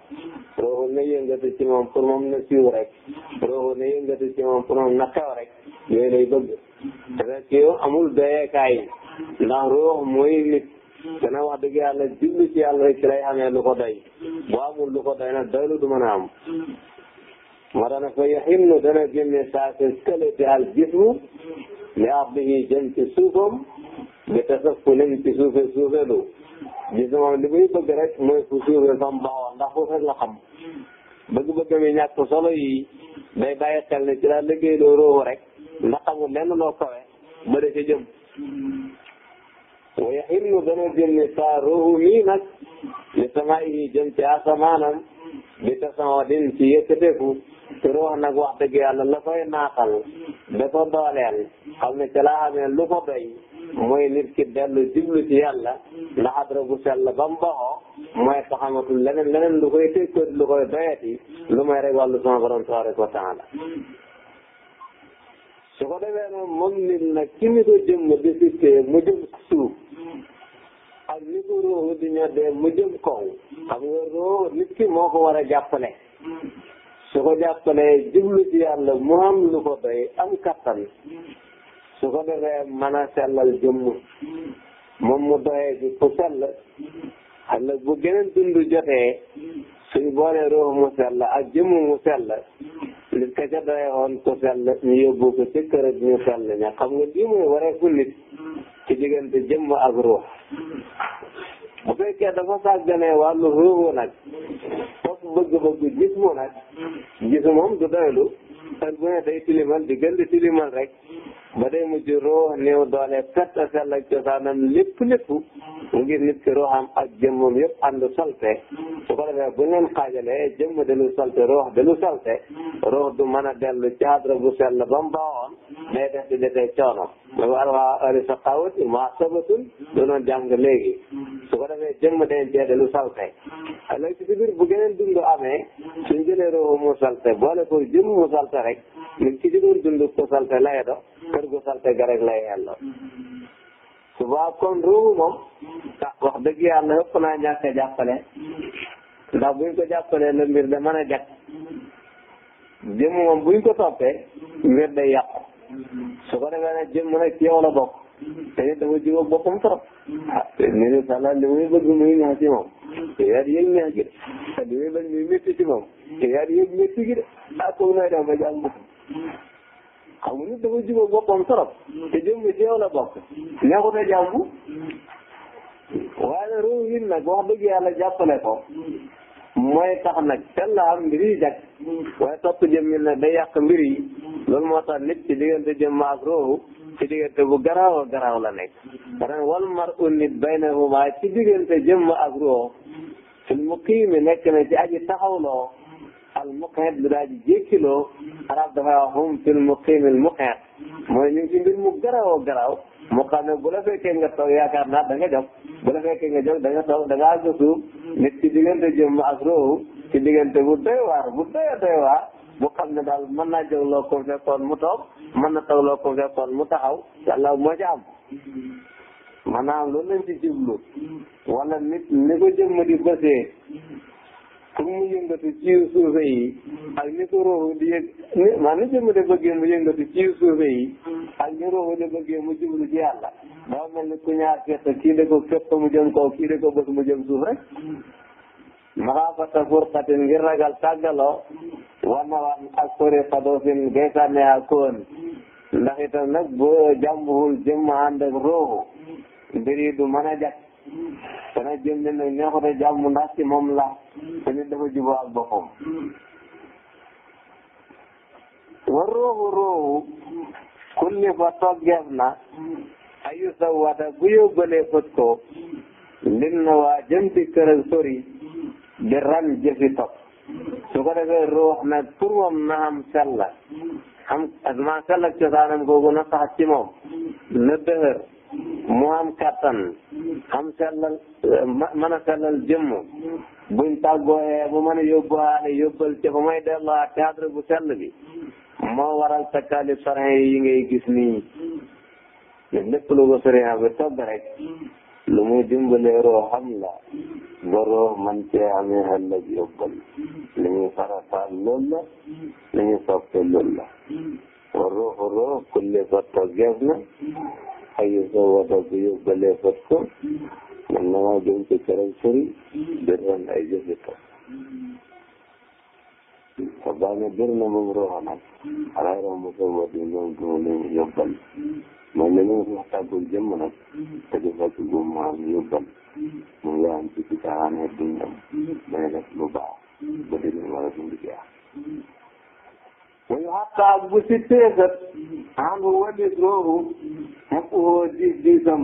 roohu na yëngatu ci moom pour moom na siiw rek roohu na yëngatu ci moom pour moom na xew rek yooyu lay bëgg rek yow amul doyeekaay ndax rooh mooy nit dana wax dëgg yàlla jublu ci yàlla rek ci lay amee lu ko doy boo amul lu ko doy nag doylu du mën a dana génne saa si kële di al jismu li ab di jëm ci suufam li tasa fule ci suufee suufee lu gis moom li muy bëgg rek mooy fu suufee sam baaxoon ndax foofu rek la xam bëgg-bëgg mi ñàkk solo yi day bàyyi xel ne ci la liggéey loo roobu rek ndax amul lenn loo kawe ba da ca jëm waaye xillu dana jëm ni saa roobu mii nag li sama yi jëm ci asamaanam bi tasama din ci yëkkateeku te roox nag wax dëgg yàlla la koy naaxal da ko dooleel xam ne ci laa amee lu ko doy mooy nit ki dellu jublu ci yàlla ndax adra bu sell ba mu baxoo mooy ko xamatul leneen leneen lu koy tëj ko lu koy doyati lu may rek wàllu sama borom tabaraka wa taala su ko defee noonu moom nit nag ci ni ko jëmm di fittee mu jëm suuf ak ni ko ruuxu di ñoddee mu jëm kaw xam nga ruuxu nit ki moo ko war a jàppale su ko jàppalee jublu ci yàlla mu am lu ko doy am kattan su ko defee mën a sellal jëmm moom mu doxee ci ku sell xale bu geneen dund jotee suñ boole ruux mu sell ak jëmm mu sell nit ka ca doxee woon ku sell ñu yóbbu ko ci kër ak ñu sell ña xam nga lii mooy waree ku nit ci diggante jëmm ak ruux bu fekkee dafa sàgganee wàllu ruuxu nag topp bëgg-bëgg gis mu nag gis moom du doylu heure bu ne day tilimal di gën di tilimal rek ba day mujj roo néew doole pet a sell ak cosaanam lépp lépp mu gis nit ki rooxam ak jëmmam yëpp ànd salte su ko defee bu ngeen xaajalee jëmm dañu salte roox dañu salte roox du mën a dellu ci hadra bu sell ba mu baaxoon day def di defee coono dafa war waa heure sa xawut ma sabatun doonoon jàng léegi su ko defee jëmm day dee lu salte ëllëg ci biir bu geneen dund amee suñ jëlee roobu mu salte boole ko jëmm mu rek ñun ki ci doon dund ko salte lay do kër gu salte ga rek lay yelloo ah, wax dëgg yàlla ëpp naa ñàkk a jàppale ndax buñ ko jàppalee la da mën a jag jëmm moom buñ ko toppee mbir day yàqu su ko defee nag jëmm nag ci yow la bokk te it dafa jiw ak boppam trop ah te nii de Salah li muy bëgg muy neex ci moom te yaa di yëg neex gi de te li muy bañ muy métti ci moom te yaa di yëg métti gi de ah kooku nooy def ba jàng boppam xam nga nit dafa jiw ak boppam trop te jëmm ci yow la bokk neexut a jàmbu waaye nag réew yi nag wax dëgg yàlla jàppale ko. mooy tax nag sellaam mbir yi jag waaye topp jëm yi nag day yàq mbir yi loolu moo tax nit ci diggante jëmm ak roohu ci diggante bu garaaw a la nekk ren wal mar un nit baynahuma ci diggante jëmm ak roohu fil nekk na ci aji taxawloo al muqeet bi daa ji jékkiloo arab dafay wax hum fil al muqeet mooy ñu mu garaaw garaaw mu xam ne la fekkee nga toog yaakaar naa da nga jóg bu la fekkee nga jóg da nga toog da nga àgg suuf nit ci diggante jëmm ak roowu ci diggante bu doy waar bu doy doy waar bu xam ne daal mën naa jóg loo ko fekkoon mu toog mën na toog loo ko fekkoon mu taxaw yàlla moo ci am maanaam loolu lañ ci jublu wala nit ni ko jëmm di bësee pour mu yëngatu ci suufe yi ak ni ko roowu di yëg ni maa ni ak ñu ruuxu di mu jublu ci yàlla daa mel ku ñaar fett kii de ko fépp mu jëm kaw kii de ko bës mu jëm suuf rek maxaafata furqatin ngir ragal tàggaloo wanawaan ak fori xadofin gay sànne a koon ndax itam boo jàmbuwul jëmm ànd ak ruuxu mbir yi du mën a jag dana jëm ne nag neexut a jàmm ndax ci moom la te nit dafa ak boppam war ruuxu ruuxu kulli fa toggeef na ayu sa wata bu ko lim na waa jëm ci kër ak sori di ran jëfi topp su ko defee ruux nag pour moom na am sell la am maa sell ak cosaanam googu na sax ci moom na dëhër mu am kattan am sellal mën a sellal jëmm buñ mu bu mën a yóbbuwaale yóbbal ca fa may delloo ak cadre bu sell bi moo waral takkaali sorin yi ngay gis nii ne lépp lu ko sorin bi togg rek lu muy dimbalee roo xam la ba roo man cee amee ëllëg yóbbal li ñuy farataal loolu la li ñuy soppe loolu la wa ruuxu kulli ba toggeef na xayu soo wata bu yóbbalee fat ko man na maa jëm ci këram sori di doon ay jëfi toog te baax na jël na moom ruuxa nag xalaatoo mosoo wër di ñoom dugaloo yóbbal mooy li ñuy wax tàggul jëmm nag te du fekk bu mu am yóbbal mu ngi am ci caaxaanee dundam day def lu baax ba dina war a dund ci wayu xataa bu si teesat an bu walis roohu xaq woo diis diisam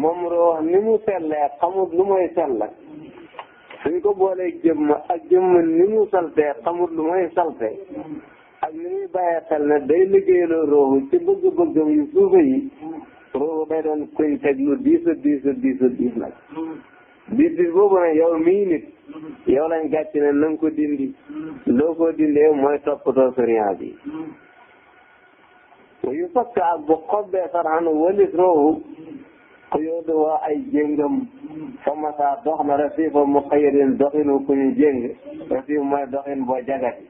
moom roox ni mu sellee xamut lu mooy sell suñ ko boolee jëmm ak jëmm ni mu saltee xamul lu may salte ak ni muy bàyyee xel ne day liggéeyaloo roohu ci bëgg-bëggam yu suufe yi roohu day doon koy teg lu diis a diis a diis a diis nag diis diis boobu nag yow mii nit yow lañ gàcc ne na nga ko dindi loo ko dindee mooy toppatoo sariya bi yu fakk ak bu xobbee sarxan walis roohu xuyóotu waa ay jéngam fa masa dox na rafiifa mu xëyadin doxinu ku ñu jéng rafiif mooy doxin boo jagati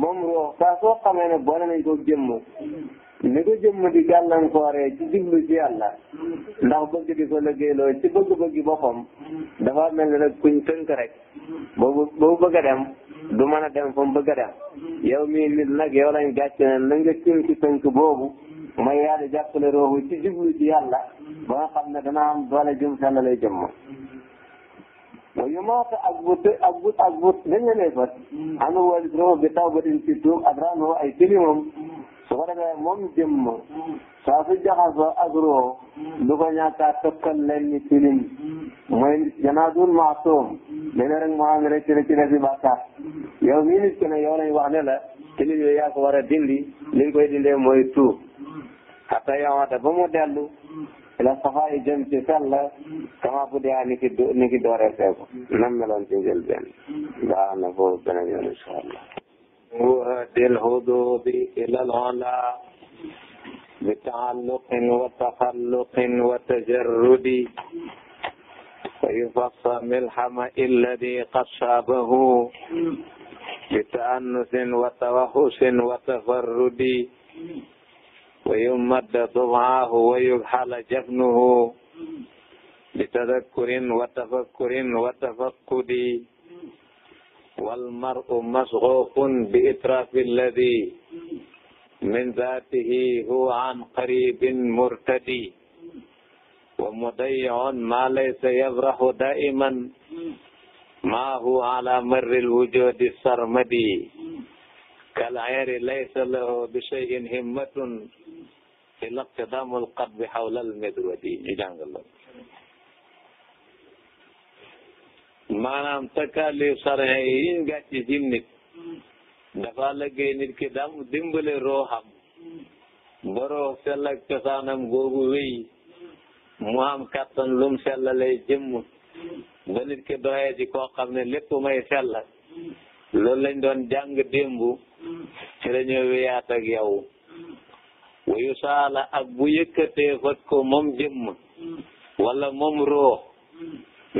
moom ruux saa soo xamee ne boole nañ ko jëmm ni ko jëmm di gàllankooree ci jublu ci yàlla ndax bëgg di ko liggéeyloo ci bëgg-bëggi boppam dafa mel ni rek kuñ tënk rek boobu boobu bëgg du mën a dem fa mu bëgg a dem yow mii nit nag lañ gàcce ne la nga cin ci tënk boobu mooy yaa di jàppale rooxu ci ba xam ne dana am doole jëm sell lay jëm moom. mooy yu ma ak bu te ak bu ak bu dañ la lay fat am na taw ba di ci tuub ak raanoo ay tëli moom. su ko defee moom jëmm saa su jaxasoo ak roo lu ko ñàkk a tëkkal leen ni tilim mooy janaadul maasum léeg rek moo am rek ci la ci la si bàkkaar yow mii nit ki ne la tilim yooyu yaa ko war a dindi li ñu koy dindee mooy tuub xata yow ba mu dellu ila safa yi jëm ci sell kama bu dee ni ki ni ki dooree feeku nam meloon ci njëlbeen baax na foofu beneen yoon incha allah وهدي الهدوء إلى العلا بتعلق وتخلق وتجرد ويفصم الحمأ الذي قد شابه بتأنس وتوحش وتفرد ويمد ضمعه ويبحل جفنه لتذكر وتفكر وتفقد والمرء مصغوف بإتراف الذي من ذاته هو عن قريب مرتدي ومضيع ما ليس يبرح دائما ما هو على مر الوجود السرمدي كالعير ليس له بشيء همة الاقتدام والقطب حول المذود ñu jàngal la maanaam takaalif sarxe yi yiñ gàcce ci nit dafa liggéey nit ki dam dimbale rooxam ba roox sell ak cosaanam googu wéy mu am kattan lum sellalee jëmm ba nit ki doxee ci koo xam ne lépp may sell loolu lañ doon jàng démb ci la ñoo wéyaat ak yow wayu saala ak bu yëkkatee fat ko moom jëmm wala moom roox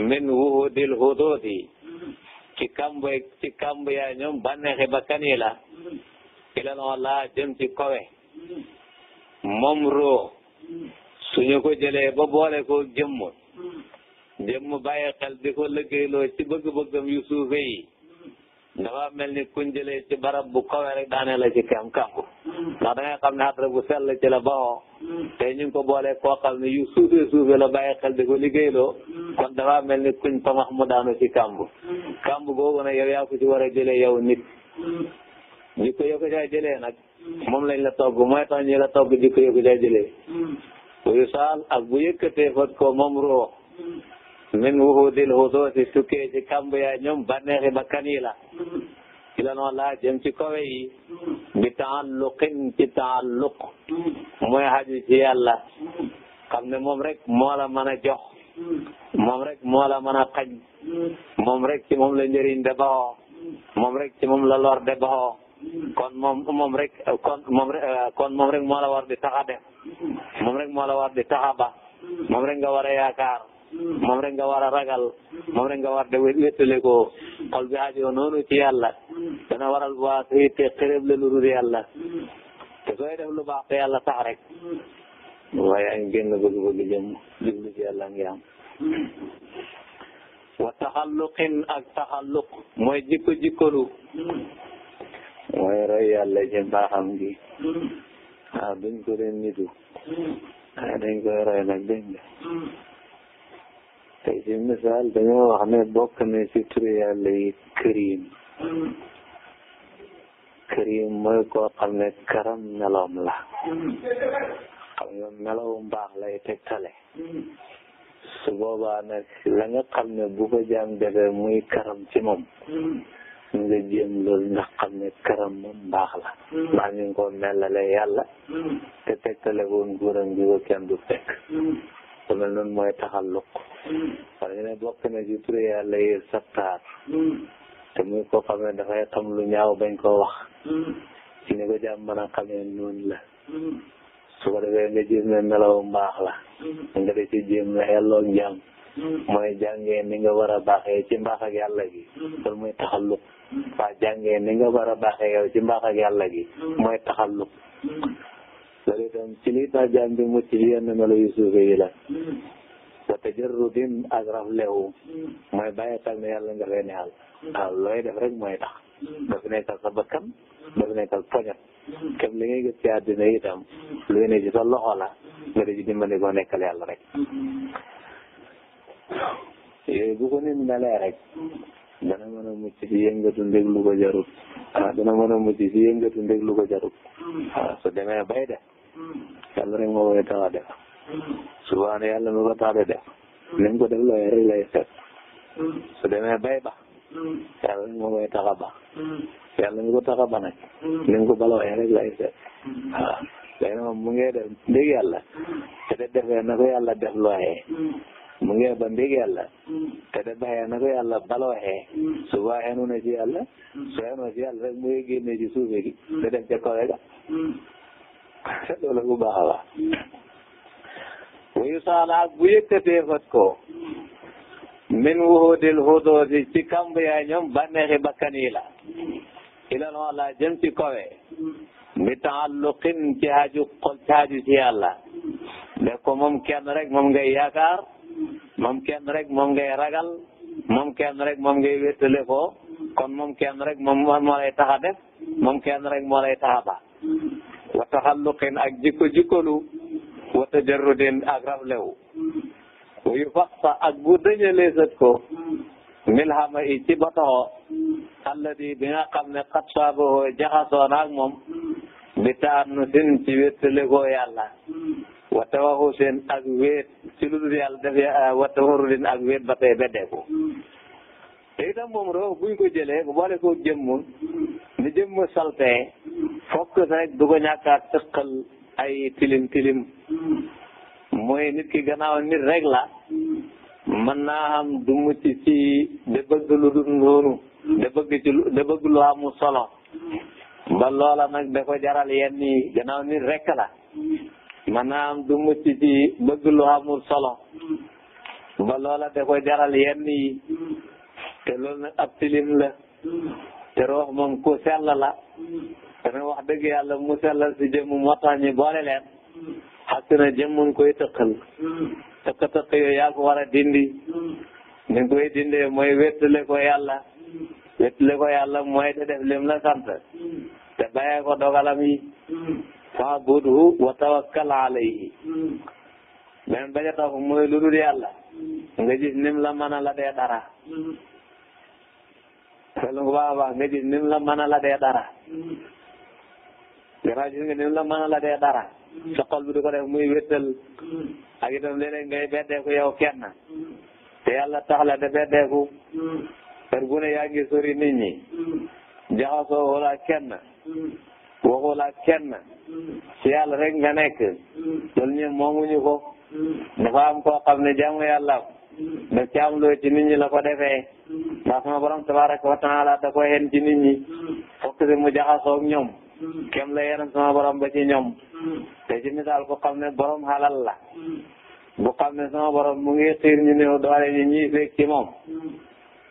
min wuhudil hudoodi ci kamb ci kamb yaa ñoom bànneexi ba kan yi la ilanoo laa jëm ci kowe moom roox suñu ko jëlee ba boole ko jëmm jëmm bàyyi xel di ko lëggéeyloo ci bëgg-bëggam yu suufe yi dafa mel ni kuñ jëlee ci barab bu kawe rek daane la ci kam kàmbu ndax da ngay xam ne xatra bu sell ci la baxoo te ñu ko boolee koo xam ne yu suufee suufee la bàyyi xel di ko liggéeyloo kon dafa mel ni kuñ pamax mu daanu ci kàmbu kàmbu googu nag yow yaa ko ci war a jëlee yow nit jikko yoo ko caa jëlee nag moom lañ la togg mooy tax ñu la togg jikko yoo ko caa jëlee buyu ak bu yëkkatee fat ko moom roo min wuxuudil xusuusi tukkee ci kamb yaa e ñoom bànneexi bakkan yi la ilanoo laa jëm ci kawe yi bi taalluqin ci taalluq mooy xaju ci yàlla xam ne moom rek moo la mën a jox moom rek moo la mën a xañ moom rek ci moom la njëriñ de baxoo moom rek ci moom la lor de baxoo kon moom moom rek kon moom kon moom rek moo la war di taxa def moom rek moo la war di taxa ba moom rek nga war a yaakaar moom rek nga war a ragal moom rek nga war de wéttale ko xol bi aajo noonu ci yàlla dana waral bu baax te te xërëb la lu te sooy def lu baax te yàlla sax rek waaye ay génn bëgg-bëgg jëm ngi am wa taxalluqin ak taxalluq mooy jikko jikkoolu mooy roy yàlla ci gi waaw duñ ko leen nitu waaye dañ koy roy nag tey ci misaal dañoo wax ne bokk na ci turi yàlla yi karim karim mooy koo xam ne karam meloom la xam nga melow mbaax lay tegtale su boobaa nag la nga xam ne bu ko jaam defee muy karam ci moom nga jéem loolu nga xam ne karam moom baax la mbaa ñu ngi ko melale yàlla te tegtale woon góoram bi ko kenn du fekk ku mel mooy taxalluk wala ñu ne bokk na ci turu yàlla yi sattaar te muy koo xamee dafay xam lu ñaaw bañ koo wax ci ni ko jàmm mën a xamee noonu la su ko defee nga gis ne melaw mbaax la nga di ci jéem la yelloog jàmm mooy jàngee ni nga war a baaxee ci mbaax ak yàlla gi loolu mooy taxalluk waa jàngee ni nga war a baaxee yow ci mbaax ak yàlla gi mooy taxalluk loolu itam ci liy tax jaam bi mucc ci yenn melo yu suufe yi la wa tajarrudin ak raflewu mooy bàyyi xel ne yàlla nga fay neexal waaw looy def rek mooy tax dafa nekkal sa bakkan dafa nekkal poñat comme li ngay gis ci àddina itam luy ne ci sa loxo la nga di ci dimbali koo nekkal yàlla rek yooyu bu ko rek dana mën a mucc si yëngatu ndeg lu ko jarut ah dana mën a mucc si yëngatu ndeg lu ko jarut ah bay de yàlla rek moo koy tax a def souvent ne yàlla mi ko tax a def nañ ko def looyee rek lay set su demee bay ba yàlla rek moo koy tax a ba yàlla mi ko tax a ba nag nañ ko balooyee rek lay set waaw ah, léegi nag moom mu ngi def ndeg yàlla te de defee na ko yàlla def looyee mu ngi bandig yàlla mm. te de bàyyi na ko yàlla balooxee mm. su ci yàlla mm. su xenoo ci yàlla rek muy génne ci suufe gi dem ca kawe ga te loolu bu baax a baax wuyu ko min wuxudil xudooti ci kamb yaa ñoom bànneexi bakkan yi la ilal wala jëm ci kawe bi taalluqin ci haju xol ci haju ci yàlla de ko moom kenn rek moom ngay yaakaar moom kenn rek moom ngay ragal moom kenn rek moom ngay wéttale kon moom kenn rek moom moo lay tax a def moom kenn rek moo lay tax a baax wa taxalluqin ak jikko jikkoolu wa tajarrudin ak rablewu wuyu faxsa ak bu dëñalee ko milhama i ci batoxo alladi bi nga xam ne xat saaboo naag moom bi taannusin ci wéttale ko wa tawaxu seen ak wéet ci lu ah, ak wéet ba tey beddeeku te itam moom roox buñ ko jëlee boole ko jëmm ni jëmm saltee fokk rek du ko ñàkkaat sëqal ay tilim tilim mooy nit ki gannaaw nit rek la mën naa am du mucc ci da bëgg lu dul noonu da bëgg ci da bëgg lu amul solo ba loola nag da ko jaral yenn yi nit rek la maanaam du mucc ci bëgg lu amul solo ba loola da koy jaral yen yi te loolu nag ab tilim la te roox moom ku sell la dana wax dëgg yàlla mu sellal si jëmm moo tax ñu boole leen xasina jëmmun koy tëqal tëq tëq yooyu yaa ko war a dindi ni koy dindee mooy wéttale ko yàlla wéttale ko yàlla mooy te def lim la sant te bàyyee ko dogalam yi faabudhu wa tawakkal alayhi beneen ba ca topp mooy lu dul yàlla nim la mën la dee dara xelu bu baax a nim la mën a la dee dara gannaaw gis nga nim la mën a la dee dara sa xol bi du ko def muy wéttal ak itam léeg-léeg ngay beddeeku yow kenn te yàlla tax la te beddeeku heure bu ne yaa ngi sori nit ñi jaxasoo wala waxul ak kenn ci yàlla rek nga nekk loolu ñun moomuñu ko dafa am koo xam ne jaamu yàlla daf ci am loo ci nit ñi la ko defee ndax sama borom tabaraka wa taala da ko hen ci nit ñi fokk si mu jaxasoo ak ñoom kem la yenam sama borom ba ci ñoom te ci misaal ko xam ne borom halal la bu xam ne sama borom mu ngi xiir ñu néew doole ñi ñi fekk ci moom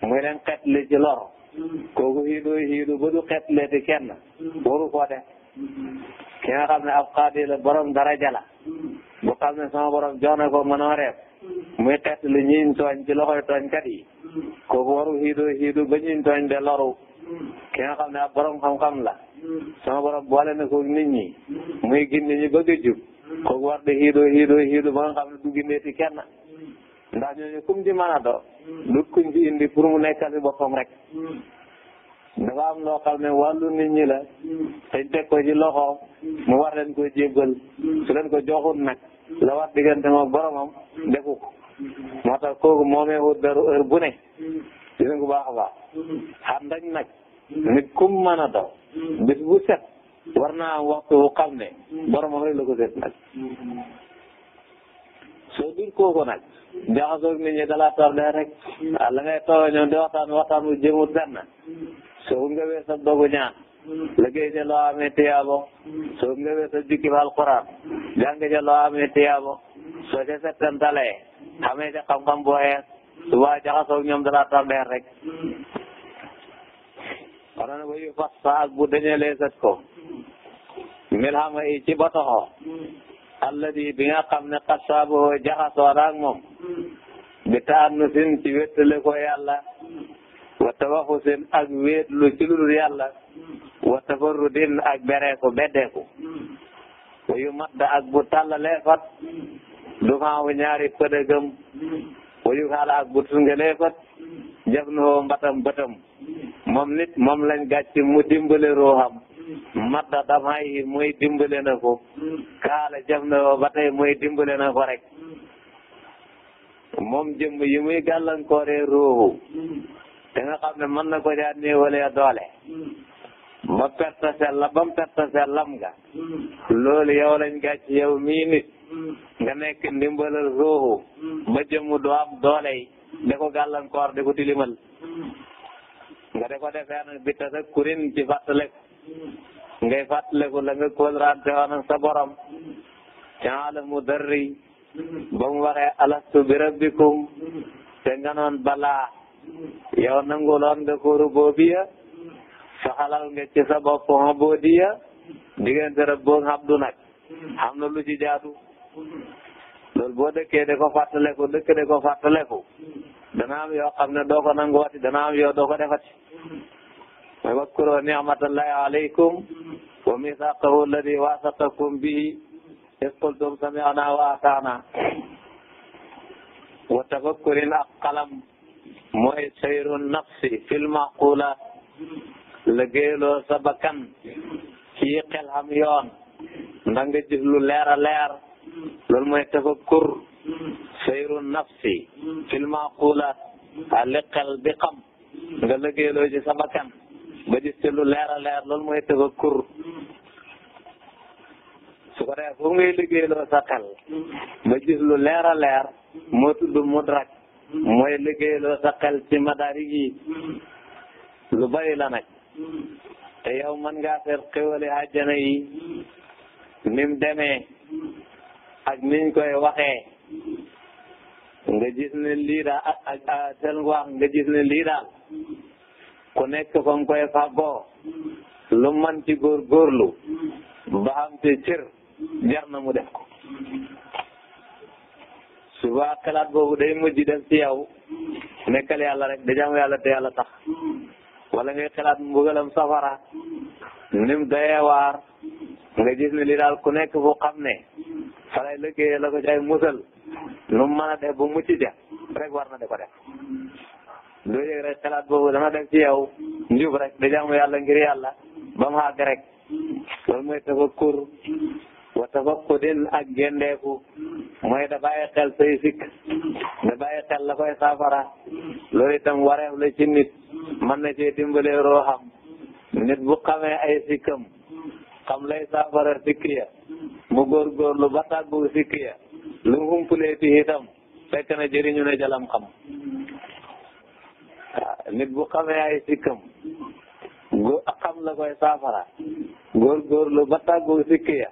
muy leen xetle ci lor kooku xiidoo xiidu ba du xetle ti kenn waru ko def ki nga xam ne ab xaadi la borom daraja la bu xam ne sama borom jox na ko mënooreef muy xett lu ñuy tooñ ci loxoy tooñkat yi kooku waru hiidu hiidu ba ñuy tooñ de loru ki nga xam ne ab borom xam-xam la sama borom boole na ko nit ñi muy gindi ñu bëgg a jub war di hiidu hiidu hiidu ba nga xam ne du gindeeti kenn ndax ñooñu kum ci mën a do du kuñ indi pour mu nekkal si boppam rek dafa am loo xam ne wàllu nit ñi la te teg ko ci loxo mu war ko jébbal su leen ko joxul nag la war diggante moom boromam defu ko moo tax kooku moomee wut daru heure bu ne dina ko baax a baax xam nag nit kum mën a daw bis bu set war naa am waxtu bu xam ne boromam rek la ko set nag soo dul kooku nag jaxasoog nit ñi dalaa torde rek la ngay toog ñoom di waxtaan waxtaan bu jëmul so ko nga weesoo dogu ñaan liggéey ca loo amee so ko nga weesoo jukki fa alquran jàng ca loo amee tiyaabo soo ca settantalee xamee ca xam-xam boo xees suba jaxasoo ñoom dara tambeer rek wala na wayu fas fa ak bu dañalee set ko milhama yi ci batoxo alladi bi nga xam ne xasaaboo jaxasoo ak moom bi taannusin ci wa tawaxusin ak wéetlu ci lu dul yàlla wa tafarrudin ak bereeku beddeeku wa yu ak bu tàllalee fat du faawu ñaari pëdëgëm wa yu ak bu tungalee fat jaf woo mbatam bëtam moom nit moom lañ gàcc mu dimbale ruuxam madda damay muy dimbale na ko kaala jaf woo ba tey muy dimbale na ko rek moom jëmm yi muy gàllankooree ruuxu te nga xam ne mën na ko jaa néewalee doole mm. ba perte sella ba mu perte sellam nga mm. loolu yow lañ gàcc yow mii nit mm. nga nekk ndimbalal ruuxu ba jëmu doo am doole yi da ko gàllankoor di ko tilimal de ko defee nag bi tasa kurin ci fàttaleku ngay fàttaleku la nga kóolrante woon ak sa borom caala mu darri ba mu waxee alastu bi rabbikum te yow nanguloon nga ko rububiya saxalal nga ci sa bopp ubudiya diggante rab boog abdu nag xam na lu ci jaadu loolu boo dëkkee de ko fàttaleku dëkk de ko fàttaleku dana am yo xam ne doo ko nanguwaati dana am yoo doo ko defati mooy wakkuro ni'matallahi alaykum wa misaqahu alladi wasaqakum bihi is qultum sami'na wa ata'na wa tafakkurin ak qalam mooy sayru nafsi fil maqula liggéeyloo sa bakkan ci xel xam yoon ndax lu leer a leer loolu mooy tafakkur sayru nafsi fil maqula a li xel nga liggéeyloo ci sa bakkan ba gis ci lu leer a leer lool mooy tafakkur su ko defee fu ngay liggéeyloo sa xel ba gis lu leer a leer moo tudd mudrak mooy liggéeyloo sa xel ci madarig yi lu bari la nag te yow mën ngaa seet yi nim demee ak niñ koy waxee nga gis ne lii daal ak ak seen wax nga gis ne lii daal ku nekk fa nga koy fàggoo ci góorgóorlu ba xam te cër jar na mu def ko souvent xalaat boobu day mujj dem ci yow nekkal yàlla rek da jaamu yàlla te la tax wala ngay xalaat mbugalam safara ni mu doyee waar nga gis ne li daal ku nekk fu xam ne fa lay liggéeyee la ko cay musal lu mu mën a def ba mucc ja rek war na di ko def doo yëg rek xalaat boobu dana def ci yow njub rek da jaamu yàlla ngir yàlla ba mu àgg rek loolu mooy wa tafaqqudin ak gendeeku mooy da bàyyi xel say sikk da bàyyi xel la koy saafara loolu itam wareef la ci nit mën na cee dimbale rooxam nit bu xamee ay sikkam xam lay saafara sikk ya mu góorgóorlu ba tàggu sikk ya lu mu humpulee ti itam fekk na jëriñu ne jalam xam nit bu xamee ay sikkam góor xam la koy saafara góorgóorlu ba tàggu sikk ya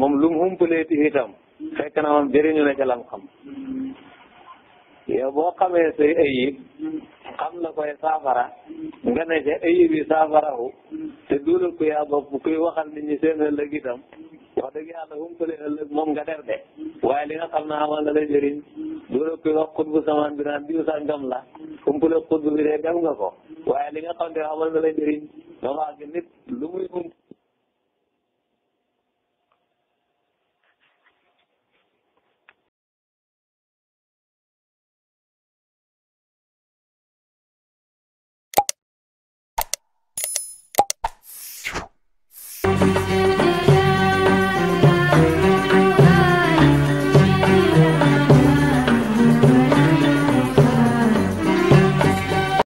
moom lu mu humpaleeti itam fekk na moom jëriñu na ca lam xam yow boo xamee ayib xam la koy saafara nga ne ca ayib yi saafarahu te duula ku yaa bopp kuy waxal nit ñi seen ëllëg itam wax dëgg yàlla humpale ëllëg moom nga def de waaye li nga xam ne amal la la jëriñ duula kuy wax xutbu samaan bi naan diw sangam la humpale xutbu bi de nga ko waaye li nga xam ne amal na la jëriñ nga wax nit